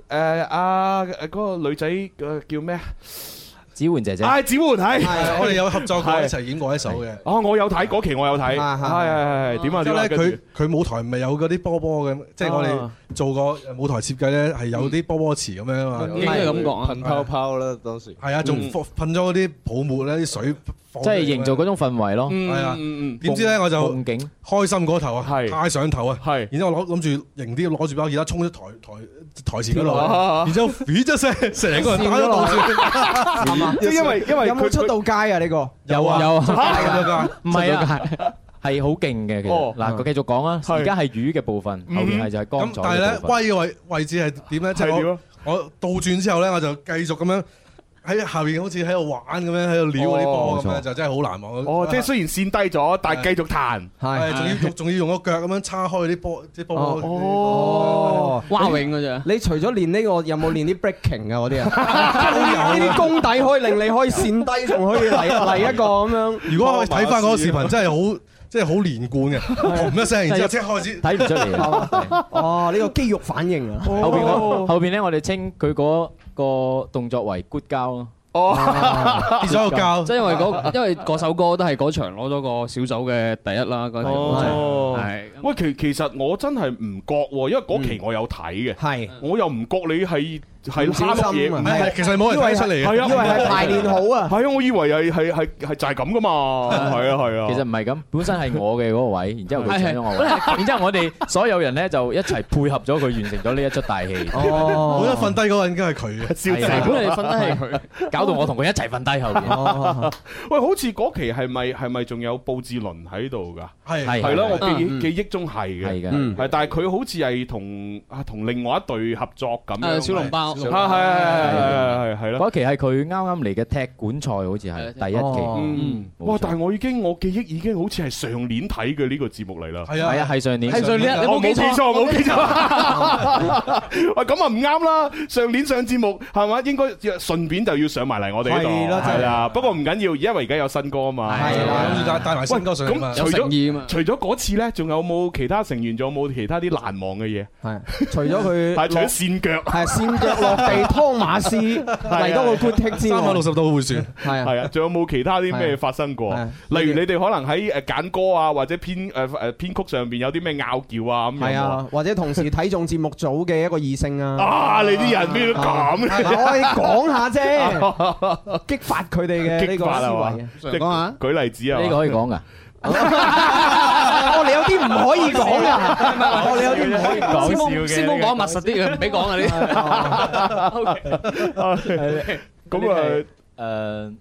誒阿誒嗰個女仔嘅、呃、叫咩啊？子桓姐姐，係子桓睇，我哋有合作過一齊演過一首嘅。哦，我有睇嗰期，我有睇，係係係係。點啊？之後咧，佢佢舞台唔係有嗰啲波波嘅，即係我哋做個舞台設計咧，係、嗯、有啲波波池咁樣啊嘛。唔係咁講啊，噴泡泡啦當時。係啊，仲噴咗嗰啲泡沫咧，啲水。即係營造嗰種氛圍咯，係啊，點知咧我就開心過頭啊，太上頭啊，然之後攞諗住型啲，攞住包嘢啦，衝咗台台台前嗰度，然之後咦一聲，成個人都打咗檔。因為因為有冇出到街啊？呢個有啊有啊，出到街唔係啊，係好勁嘅。嗱，佢繼續講啊，而家係魚嘅部分，後面係就係乾咗。咁但係咧威位位置係點咧？就係我我倒轉之後咧，我就繼續咁樣。喺下面好似喺度玩咁樣，喺度撩嗰啲波咁樣，就真係好難忘。哦，即係雖然線低咗，但係繼續彈，係仲要仲要用個腳咁樣叉開啲波，即係波。波。哦，蛙泳㗎咋？你除咗練呢個，有冇練啲 breaking 啊？嗰啲啊？有呢啲功底可以令你可以線低，仲可以嚟嚟一個咁樣。如果可以，睇翻嗰個視頻，真係好。即係好連貫嘅，同一聲然之後先開始睇唔出嚟。哦，呢個肌肉反應啊，後邊我後邊咧，我哋稱佢嗰個動作為 good 交咯。哦，跌咗個跤，即係因為嗰因為嗰首歌都係嗰場攞咗個小組嘅第一啦。嗰時哦，係喂，其其實我真係唔覺喎，因為嗰期我有睇嘅，係我又唔覺你係。係啲嘢，其實冇人以出嚟嘅，以為係排練好啊。係啊，我以為係係係係就係咁噶嘛，係啊係啊。係係 [LAUGHS] 其實唔係咁，本身係我嘅嗰個位，然之後佢搶咗我位，然之後我哋所有人咧就一齊配合咗佢完成咗呢一出大戲。哦，冇瞓低嗰個應該係佢， [LAUGHS] 笑死，全部人瞓低係佢，搞到我同佢一齊瞓低後面。哦、 [LAUGHS] 喂，好似嗰期係咪係咪仲有布志倫喺度㗎？係係咯，我記記憶中係嘅，係但係佢好似係同同另外一隊合作咁。小籠包。啊，係係係係咯！嗰期係佢啱啱嚟嘅踢館賽，好似係第一期。哦、嗯，哇！但係我已經，我記憶已經好似係上年睇嘅呢個節目嚟啦。係啊係啊，係上年。係上，上年，你冇記錯冇記錯。喂，咁啊唔啱啦！上年上節目係嘛，應該順便就要上埋嚟我哋度。係啦，不過唔緊要，因為而家有新歌啊嘛。係啦，帶帶埋新歌上咁嘛，除咗，除咗嗰次咧，仲有冇其他成員？仲有冇其他啲難忘嘅嘢？係，除咗佢，係除咗跣腳，係跣腳。落地湯馬斯嚟到個 good 聽之外，三百六十度互旋，係啊，係啊，仲有冇其他啲咩發生過？例如你哋可能喺誒揀歌啊，或者編誒誒編曲上邊有啲咩拗撬啊咁樣，或者同時睇中節目組嘅一個異性啊？啊，你啲人邊度咁咧？我可以講下啫，激發佢哋嘅激發啊！講下，舉例子啊！呢個可以講㗎。哦，你有啲唔可以講噶，哦，你有啲唔可以講，師兄師兄講密實啲，唔俾講啊！呢咁啊，誒，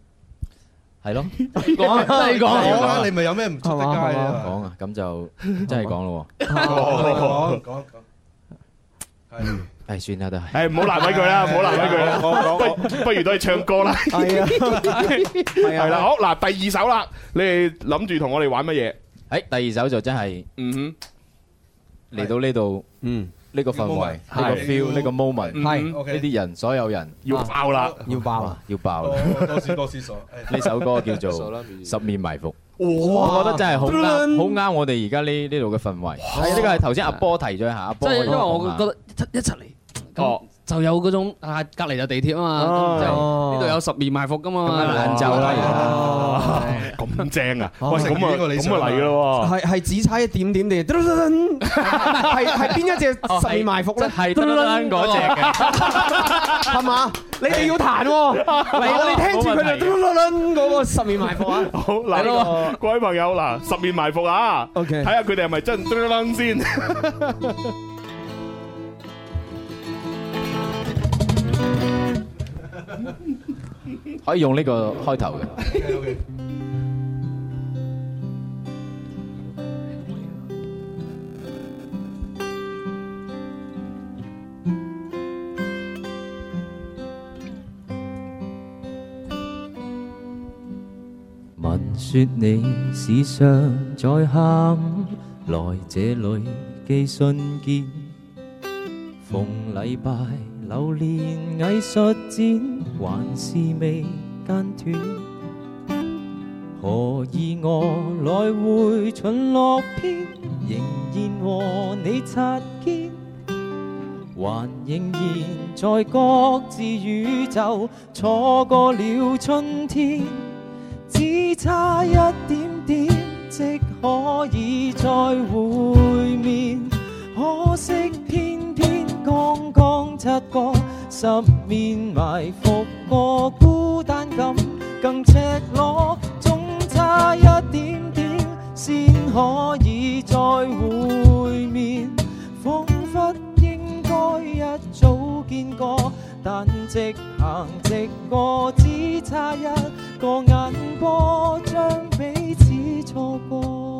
係咯，講真係講，你咪有咩唔錯嘅？講啊，咁就真係講咯。講講講，係。係算啦，都係。誒，唔好難為佢啦，唔好難為佢啦。不不如都係唱歌啦。係啊，係啦。好嗱，第二首啦，你諗住同我哋玩乜嘢？誒，第二首就真係，嗯哼，嚟到呢度，嗯，呢個氛圍，呢個 feel，呢個 moment，係呢啲人，所有人要爆啦，要爆啦，要爆。多思多思索。呢首歌叫做《十面埋伏》。哇，我覺得真係好啱，好啱我哋而家呢呢度嘅氛圍。呢個係頭先阿波提咗一下，阿波。即係因為我覺得一一齊嚟。哦，就有嗰種啊，隔籬有地鐵啊嘛，呢度有十面埋伏噶嘛，就咁正啊，我識呢個你，咁咪嚟咯，係係只差一點點地，係係邊一隻十面埋伏咧？係嗰隻嘅，係嘛？你哋要彈，係我哋聽住佢哋嗰個十面埋伏啊！好嗱，各位朋友嗱，十面埋伏啊，睇下佢哋係咪真嘟嘟楞先。可以用呢個開頭嘅。聞、okay, okay. 說你時常在下午，來這裏寄信件，逢禮拜。流連藝術展，還是未間斷。何以我來回巡落偏，仍然和你擦肩？還仍然在各自宇宙錯過了春天，只差一點點，即可以再會面。可惜偏偏。剛剛擦過，十面埋伏過，孤單感更赤裸，總差一點點先可以再會面，仿佛應該一早見過，但直行直過，只差一個眼波，將彼此錯過。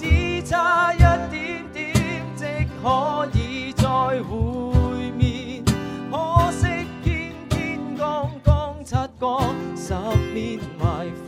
只差一點點，即可以再會面。可惜偏偏剛剛擦過，十面埋。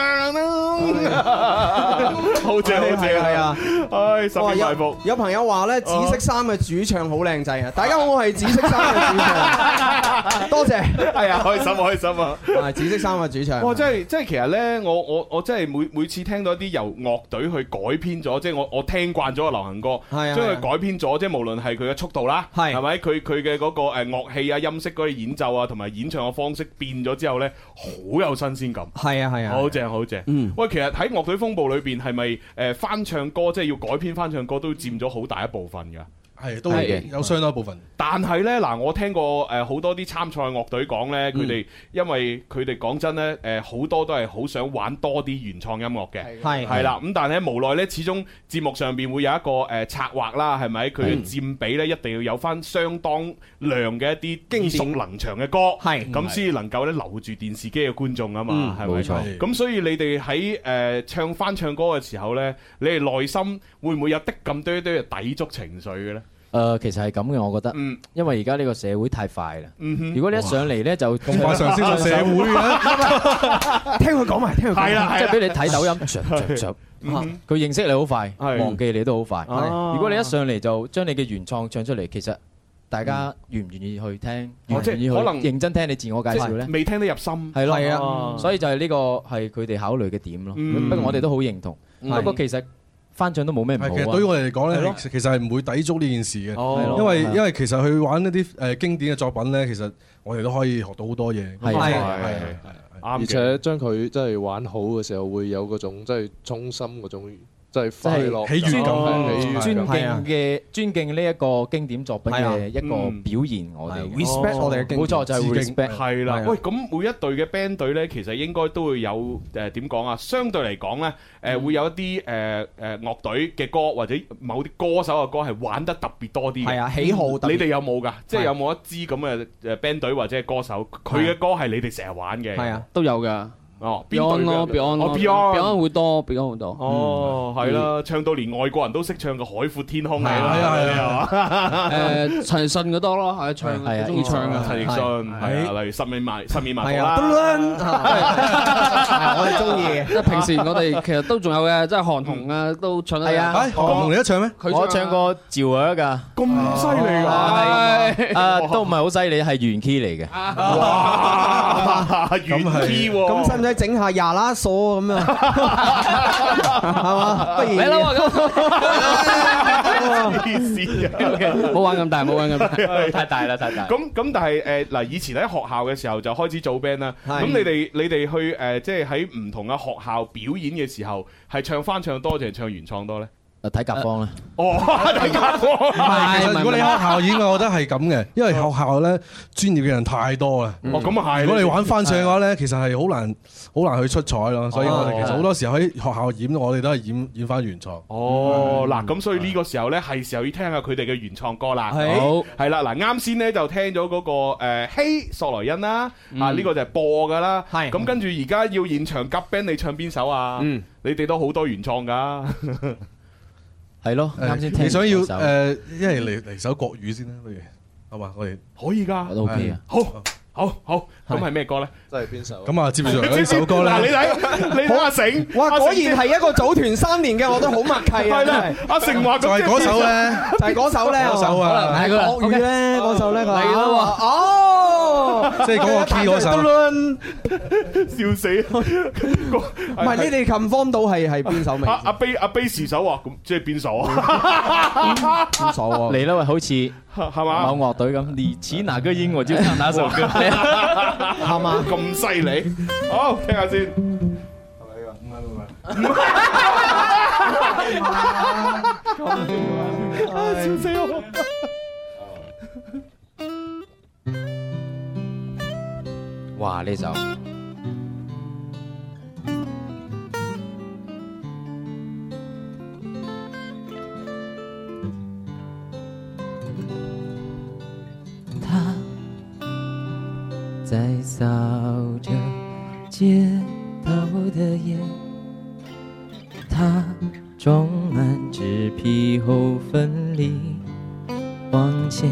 好正， [MUSIC] [MUSIC] 好正，係啊，開心大福。有朋友話咧紫色衫嘅主唱好靚仔啊！大家好，我係謝謝，是啊，我係、啊、 [LAUGHS] 紫色衫嘅主唱，多謝係啊，開心開心啊！紫色衫嘅主唱，哇，哦，真係真係，其實咧、呃，我我我真係每每次聽到一啲由樂隊去改編咗，即係我我聽慣咗嘅流行歌，係將佢改編咗，即係無論係佢嘅速度啦，係咪？佢佢嘅嗰個誒樂器啊，音色嗰啲演奏啊，同埋演唱嘅方式變咗之後咧，好有新鮮感。係啊係啊，好正，好正。嗯，喂，其實。喺樂隊風暴裏邊，係咪誒翻唱歌，即係要改編翻唱歌，都佔咗好大一部分噶？係，都係有相當一部分。但係呢，嗱，我聽過誒好多啲參賽樂隊講呢，佢哋因為佢哋講真呢，誒好多都係好想玩多啲原創音樂嘅，係，係啦。咁但係無奈呢，始終節目上邊會有一個誒策劃啦，係咪？佢佔比呢一定要有翻相當量嘅一啲驚悚能場嘅歌，係，咁先能夠呢留住電視機嘅觀眾啊嘛，係咪？冇錯。咁所以你哋喺誒唱翻唱歌嘅時候呢，你哋內心，會唔會有的咁多啲嘅抵觸情緒嘅咧？誒，其實係咁嘅，我覺得，因為而家呢個社會太快啦。嗯哼，如果你一上嚟咧就咁快上社會嘅，聽佢講埋，聽佢係啦，即係俾你睇抖音，佢認識你好快，忘記你都好快。如果你一上嚟就將你嘅原創唱出嚟，其實大家願唔願意去聽？哦，即係可能認真聽你自我介紹咧，未聽得入心。係咯，係啊，所以就係呢個係佢哋考慮嘅點咯。不過我哋都好認同，不過其實。班長都冇咩唔好、啊、其實對於我嚟講咧，咯其實係唔會抵觸呢件事嘅，哦、因為對咯 因為其實去玩一啲誒經典嘅作品咧，其實我哋都可以學到好多嘢，係係係，啱嘅。而且將佢即係玩好嘅時候，會有嗰種即係衷心嗰種。就係即係喜悅咯，尊敬嘅尊敬呢一個經典作品嘅一個表現，我哋，我哋嘅敬，冇錯就係 respect，係啦。喂，咁每一隊嘅 band 隊咧，其實應該都會有誒，點講啊？相對嚟講咧，誒會有一啲誒誒樂隊嘅歌，或者某啲歌手嘅歌，係玩得特別多啲嘅。係啊，喜好。你哋有冇噶？即係有冇一支咁嘅 band 隊或者係歌手，佢嘅歌係你哋成日玩嘅？係啊，都有噶。Oh, Beyond Beyond 哦，Beyond 咯，Beyond，Beyond 會多，Beyond 好多。哦、嗯，係啦，唱到連外國人都識唱嘅《海闊天空》啊。係啊係啊。誒、呃，陳奕迅嘅多咯，係啊，唱，中意唱啊。陳奕迅係啊，例如《十面埋十面埋伏》啦。我係中意。即係平時我哋其實都仲有嘅，即係韓紅啊，都唱得。係啊。咁紅你一唱咩？我唱過《趙娥》噶。咁犀利㗎！啊，都唔係好犀利，係原 key 嚟嘅。哇，原 key 喎，咁犀利。啊整下廿啦，鎖咁樣，係嘛？嚟咯咁，冇玩咁大，冇玩咁大，太大啦太大。咁 [LAUGHS] 咁，但係誒嗱，以前喺學校嘅時候就開始做 band 啦。咁你哋你哋去誒，即係喺唔同嘅學校表演嘅時候，係唱翻唱多定係唱原創多咧？睇甲方啦、啊。哦，睇甲方。唔係，如果你學校演，我覺得係咁嘅，因為學校咧專業嘅人太多啦。哦、嗯，咁、嗯、啊如果你玩翻唱嘅話咧，其實係好難，好、嗯、難去出彩咯、哦。所以我哋其實好多時候喺學校演，我哋都係演演翻原創。哦，嗱，咁、嗯、所以呢個時候咧，係時候要聽下佢哋嘅原創歌啦。好，係啦，嗱，啱先咧就聽咗嗰個誒、hey,，嘿索萊恩啦，啊，呢個就係播噶啦。係。咁、嗯、跟住而家要現場夾 band，你唱邊首啊？嗯，你哋都好多原創噶。 [LAUGHS] 係咯，啱先你想要誒，一係嚟嚟首國語先啦，不如好嘛？我哋可以噶，O K 啊，好，好好，咁係咩歌咧？即係邊首？咁啊，接住啊，呢首歌咧。嗱，你睇，你阿成，哇，果然係一個組團三年嘅，我都好默契啊。係啦，阿成話就係嗰首咧，就係嗰首咧，嗰首啊，國語咧，嗰首咧，個嚟啦喎，哦。即係嗰個 key 嗰首，啊嗯，笑死！唔係你哋琴房到係係邊首名？阿阿 base 阿 base 首啊！咁即係邊首啊？邊首啊？嚟啦，喂，好似係嘛？某樂隊咁，似哪個音我就聽哪首歌，啱嘛？咁犀利，好聽下先。係咪呢個？唔係咪咪？笑死我！哇，這走。他在掃着街道的煙，他裝滿紙皮後奮力往前。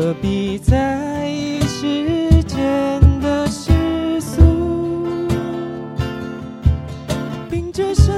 何必在意世間的世俗？憑着心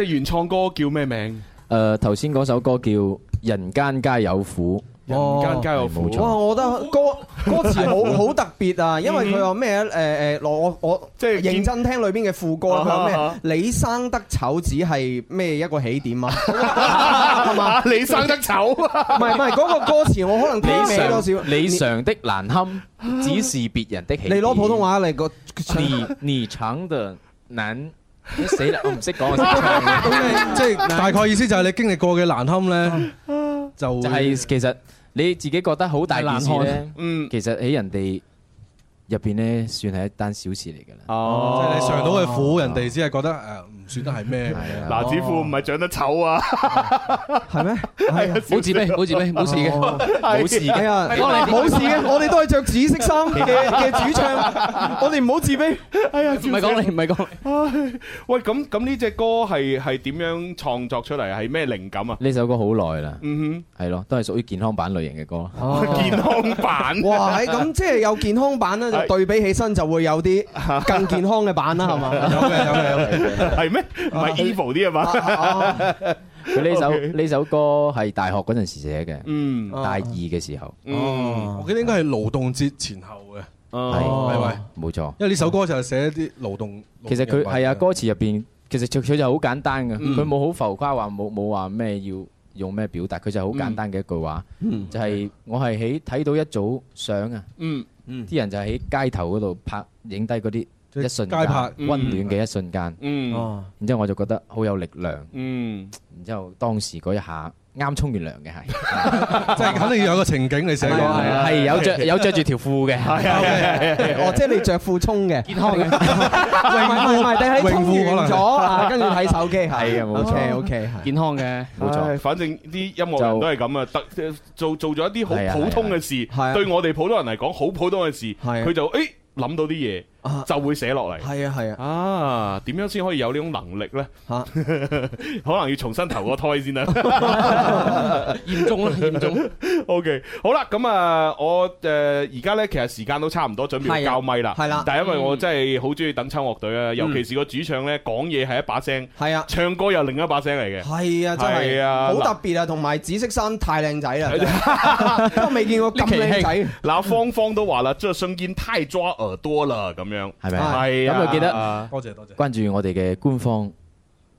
即係原創歌叫咩名字？誒頭先嗰首歌叫《人間皆有苦》，哦、人間皆有苦。哇！我覺得歌、哦、歌詞好好 [LAUGHS] 特別啊，因為佢話咩誒誒，我我即係認真聽裏邊嘅副歌佢話咩？你、啊啊、生得醜，只係咩一個起點啊？係、啊、嘛、啊？你生得醜，唔係唔係嗰個歌詞，我可能聽唔多少。你，你常的難堪，啊、只是別人的起點。你攞普通話嚟講，你個你橙的難。死啦！我唔識講，即係大概意思就係你經歷過嘅難堪咧，就係其實你自己覺得好大難堪，嗯，其實喺人哋入邊咧算係一單小事嚟噶啦，哦，即係你嘗到嘅苦，人哋只係覺得誒。算得係咩？嗱，子富唔係長得醜啊，係咩？好自卑，好自卑，冇事嘅，冇事嘅，冇事嘅，我哋都係著紫色衫嘅嘅主唱，我哋唔好自卑。哎呀，唔係講你，唔係講你。喂，咁咁呢隻歌係係點樣創作出嚟？係咩靈感啊？呢首歌好耐啦，嗯哼，係咯，都係屬於健康版類型嘅歌。健康版哇，咁即係有健康版啦，對比起身就會有啲更健康嘅版啦，係嘛？有嘅，有嘅，係咩？唔係 evil 啲啊嘛？佢呢首呢首歌係大學嗰陣時寫嘅，嗯，大二嘅時候，嗯，我記得應該係勞動節前後嘅，係咪？冇錯，因為呢首歌就係寫一啲勞動。其實佢係啊，歌詞入邊其實佢佢就好簡單嘅，佢冇好浮誇，話冇冇話咩要用咩表達，佢就好簡單嘅一句話，就係我係喺睇到一組相啊，嗯嗯，啲人就喺街頭嗰度拍影低嗰啲。一瞬間溫暖嘅一瞬間，嗯，然之後我就覺得好有力量，嗯，然之後當時嗰一下啱沖完涼嘅，係，即係肯定要有個情景你寫，係，係有着有着住條褲嘅，係啊，即係你着褲沖嘅，健康嘅，即係唔係唔係，定係沖完咗，跟住睇手機，係冇錯，O K，健康嘅，冇錯，反正啲音樂人都係咁啊，得做做咗一啲好普通嘅事，對我哋普通人嚟講好普通嘅事，佢就誒諗到啲嘢。就會寫落嚟，係啊係啊，啊，啊點樣先可以有呢種能力咧？吓、啊、 [LAUGHS] 可能要重新投個胎先啦， [LAUGHS] 嚴重啦，嚴重。 [LAUGHS] o、okay, K，好啦，咁啊，我誒而家咧，其實時間都差唔多，準備交咪啦，係啦、啊啊嗯。但係因為我真係好中意等秋樂隊啊，尤其是個主唱咧，講嘢係一把聲，係啊，唱歌又另一把聲嚟嘅，係啊，真係，好特別啊。同埋、啊、紫色衫太靚仔啦，都未 [LAUGHS] [LAUGHS] 見過咁靚仔。嗱 [LAUGHS] 奇妙，芳 [LAUGHS] 芳都話啦，這聲音太抓耳朵啦，咁。咁樣係咪啊？咁就記得多謝多謝關注我哋嘅官方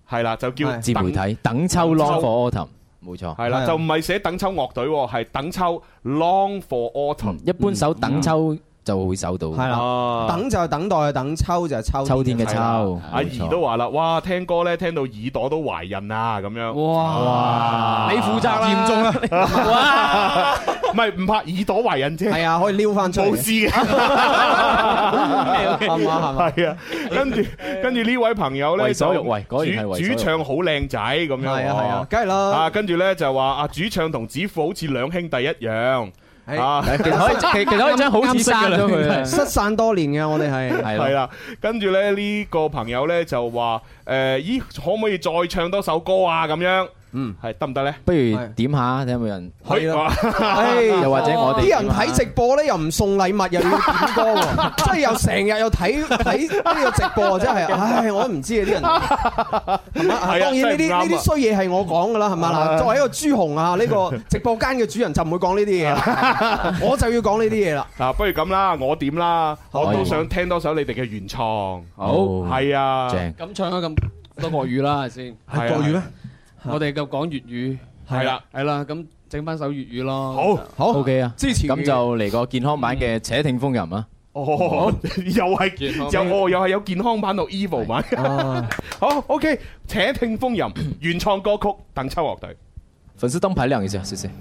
係啦，就叫自媒體等秋 long for autumn，冇錯，係啦，就唔係寫等秋樂隊，係等秋 long for autumn。一般首等秋。就會收到、啊。係啦，等就係等待，等秋就係秋。秋天嘅秋、啊啊，阿儀都話啦，哇，聽歌咧聽到耳朵都懷孕啊，咁樣。哇你負責啦。嚴重啦。唔係唔怕耳朵懷孕啫。係啊，可以撩翻出。冇事嘅。啊？係啊，啊，啊，啊，啊，啊，啊，啊，啊，跟住、啊、跟住呢位朋友咧，啊主，喂那個、主唱好靚仔咁樣。係啊係啊，梗係啦。啊，跟住咧就話啊，主唱同指父好似兩兄弟一樣。啊，其其 [LAUGHS] 其實一張好似散失散多年嘅我哋係係啦，跟住咧呢、呢個朋友咧就話誒，咦、呃、可唔可以再唱多首歌啊？咁樣。嗯，係得唔得咧？不如點下睇有冇人可以咯？誒、哎，又或者我哋啲人睇直播咧，又唔送禮物，又要點歌喎，即係又成日又睇睇呢個直播，真係，唉、哎，我都唔知啊啲人。係啊，當然呢啲呢啲衰嘢係我講噶啦，係咪？作為一個朱紅啊呢、這個直播間嘅主人就唔會講呢啲嘢啦，我就要講呢啲嘢啦。嗱，不如咁啦，我點啦，我都想聽多首你哋嘅原創。好，係啊，正咁唱咗咁多國語啦，係先係國語咩？我哋就講粵語，係啦，係啦，咁整翻首粵語咯。好，好，好，O、okay, K 啊，支持。咁就嚟個健康版嘅《且聽風吟》啦、啊嗯。哦，哦又係又又係有健康版同 Evil 版。啊、哈哈好，O K，《且、okay，聽風吟》原創歌曲，等秋樂隊，粉絲燈牌亮一下，謝謝。 [LAUGHS]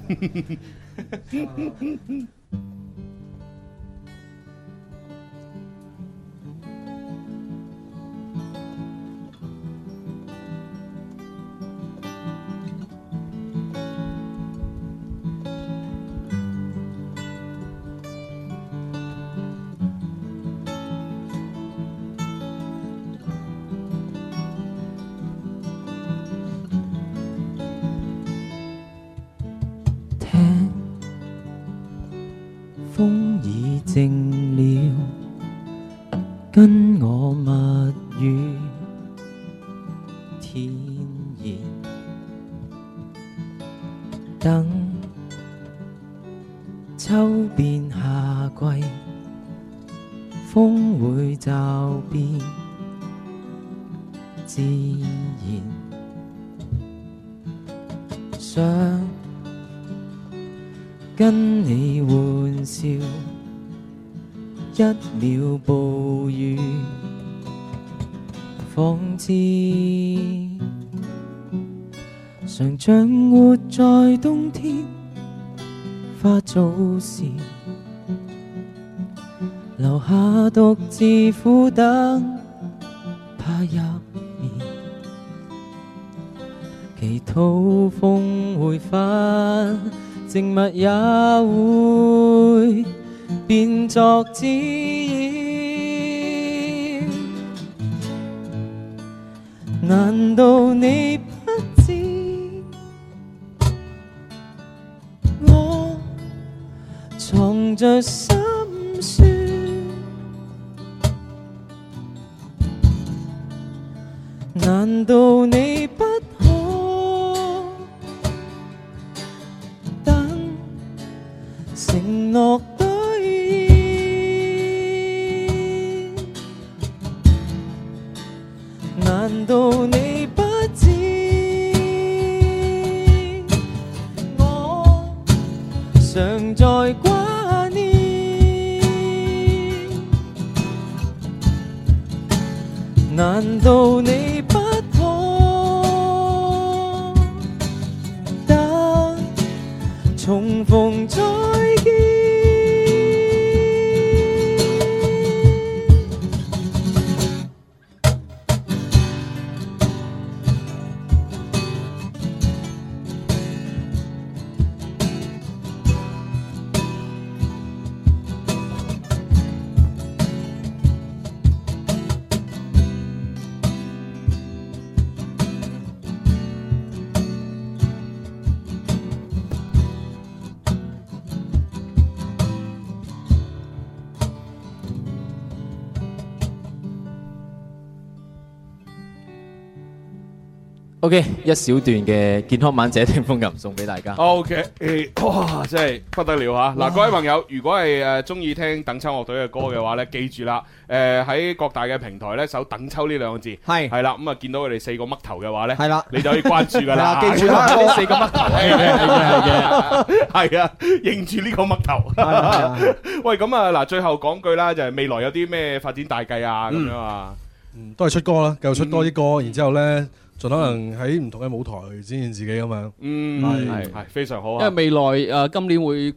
O K，一小段嘅健康版者聽風吟送俾大家。O K，哇，真係不得了吓！嗱，各位朋友，如果係誒中意聽等秋樂隊嘅歌嘅話咧，記住啦，誒喺各大嘅平台咧搜等秋呢兩個字，係係啦，咁啊見到佢哋四個嘜頭嘅話咧，係啦，你就可以關注噶啦，記住啦，呢四個嘜頭，係啊，認住呢個嘜頭。喂，咁啊嗱，最後講句啦，就係未來有啲咩發展大計啊咁樣啊，嗯，都係出歌啦，繼續出多啲歌，然之後咧。盡可能喺唔同嘅舞台展現自己咁、嗯、樣，嗯，係係非常好。啊。因為未來、呃、今年會，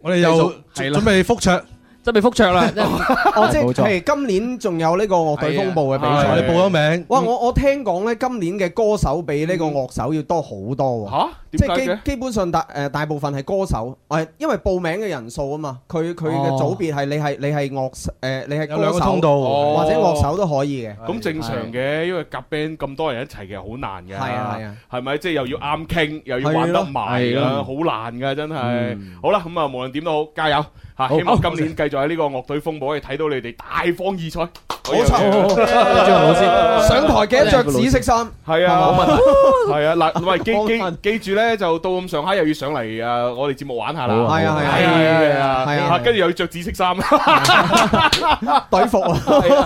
我哋又準備復唱。即係復唱啦，即係今年仲有呢個樂隊風暴嘅比賽，你報咗名。哇，我我聽講咧，今年嘅歌手比呢個樂手要多好多喎。吓？點解嘅？即係基基本上大誒大部分係歌手，誒，因為報名嘅人數啊嘛，佢佢嘅組別係你係你係樂誒你係歌手，有兩個通道，或者樂手都可以嘅。咁正常嘅，因為夾 band 咁多人一齊嘅好難嘅。係啊係啊，係咪即係又要啱傾，又要玩得埋啊，好難噶真係。好啦，咁啊，無論點都好，加油！吓，希望今年繼續喺呢個樂隊風暴可以睇到你哋大放異彩。好，好，好，唔該，老師上台記得着紫色衫，係啊，係啊，嗱，喂，記記記住咧，就到咁上下又要上嚟啊。我哋節目玩下啦，係啊，係啊，係啊，係啊，跟住又要着紫色衫，隊服啊，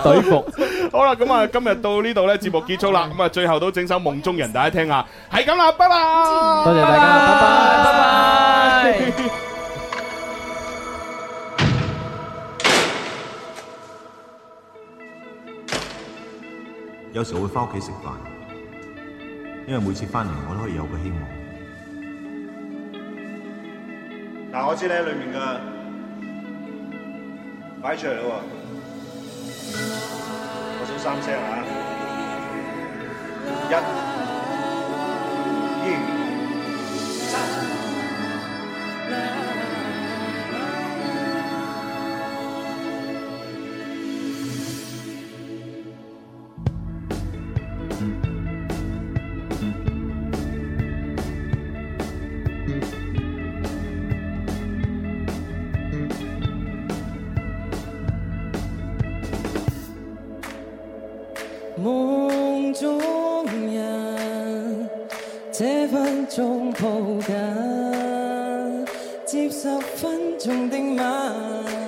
隊服。好啦，咁啊，今日到呢度咧，節目結束啦。咁啊，最後都整首《夢中人》，大家聽下。係咁啦，拜拜。多謝大家，拜拜，拜拜。有時候我會翻屋企食飯，因為每次翻嚟我都可以有個希望。嗱，我知你喺裏面嘅擺出嚟咯喎，我數三聲吓，一、二、三。夢中人，這分鐘抱緊，接十分鐘的吻。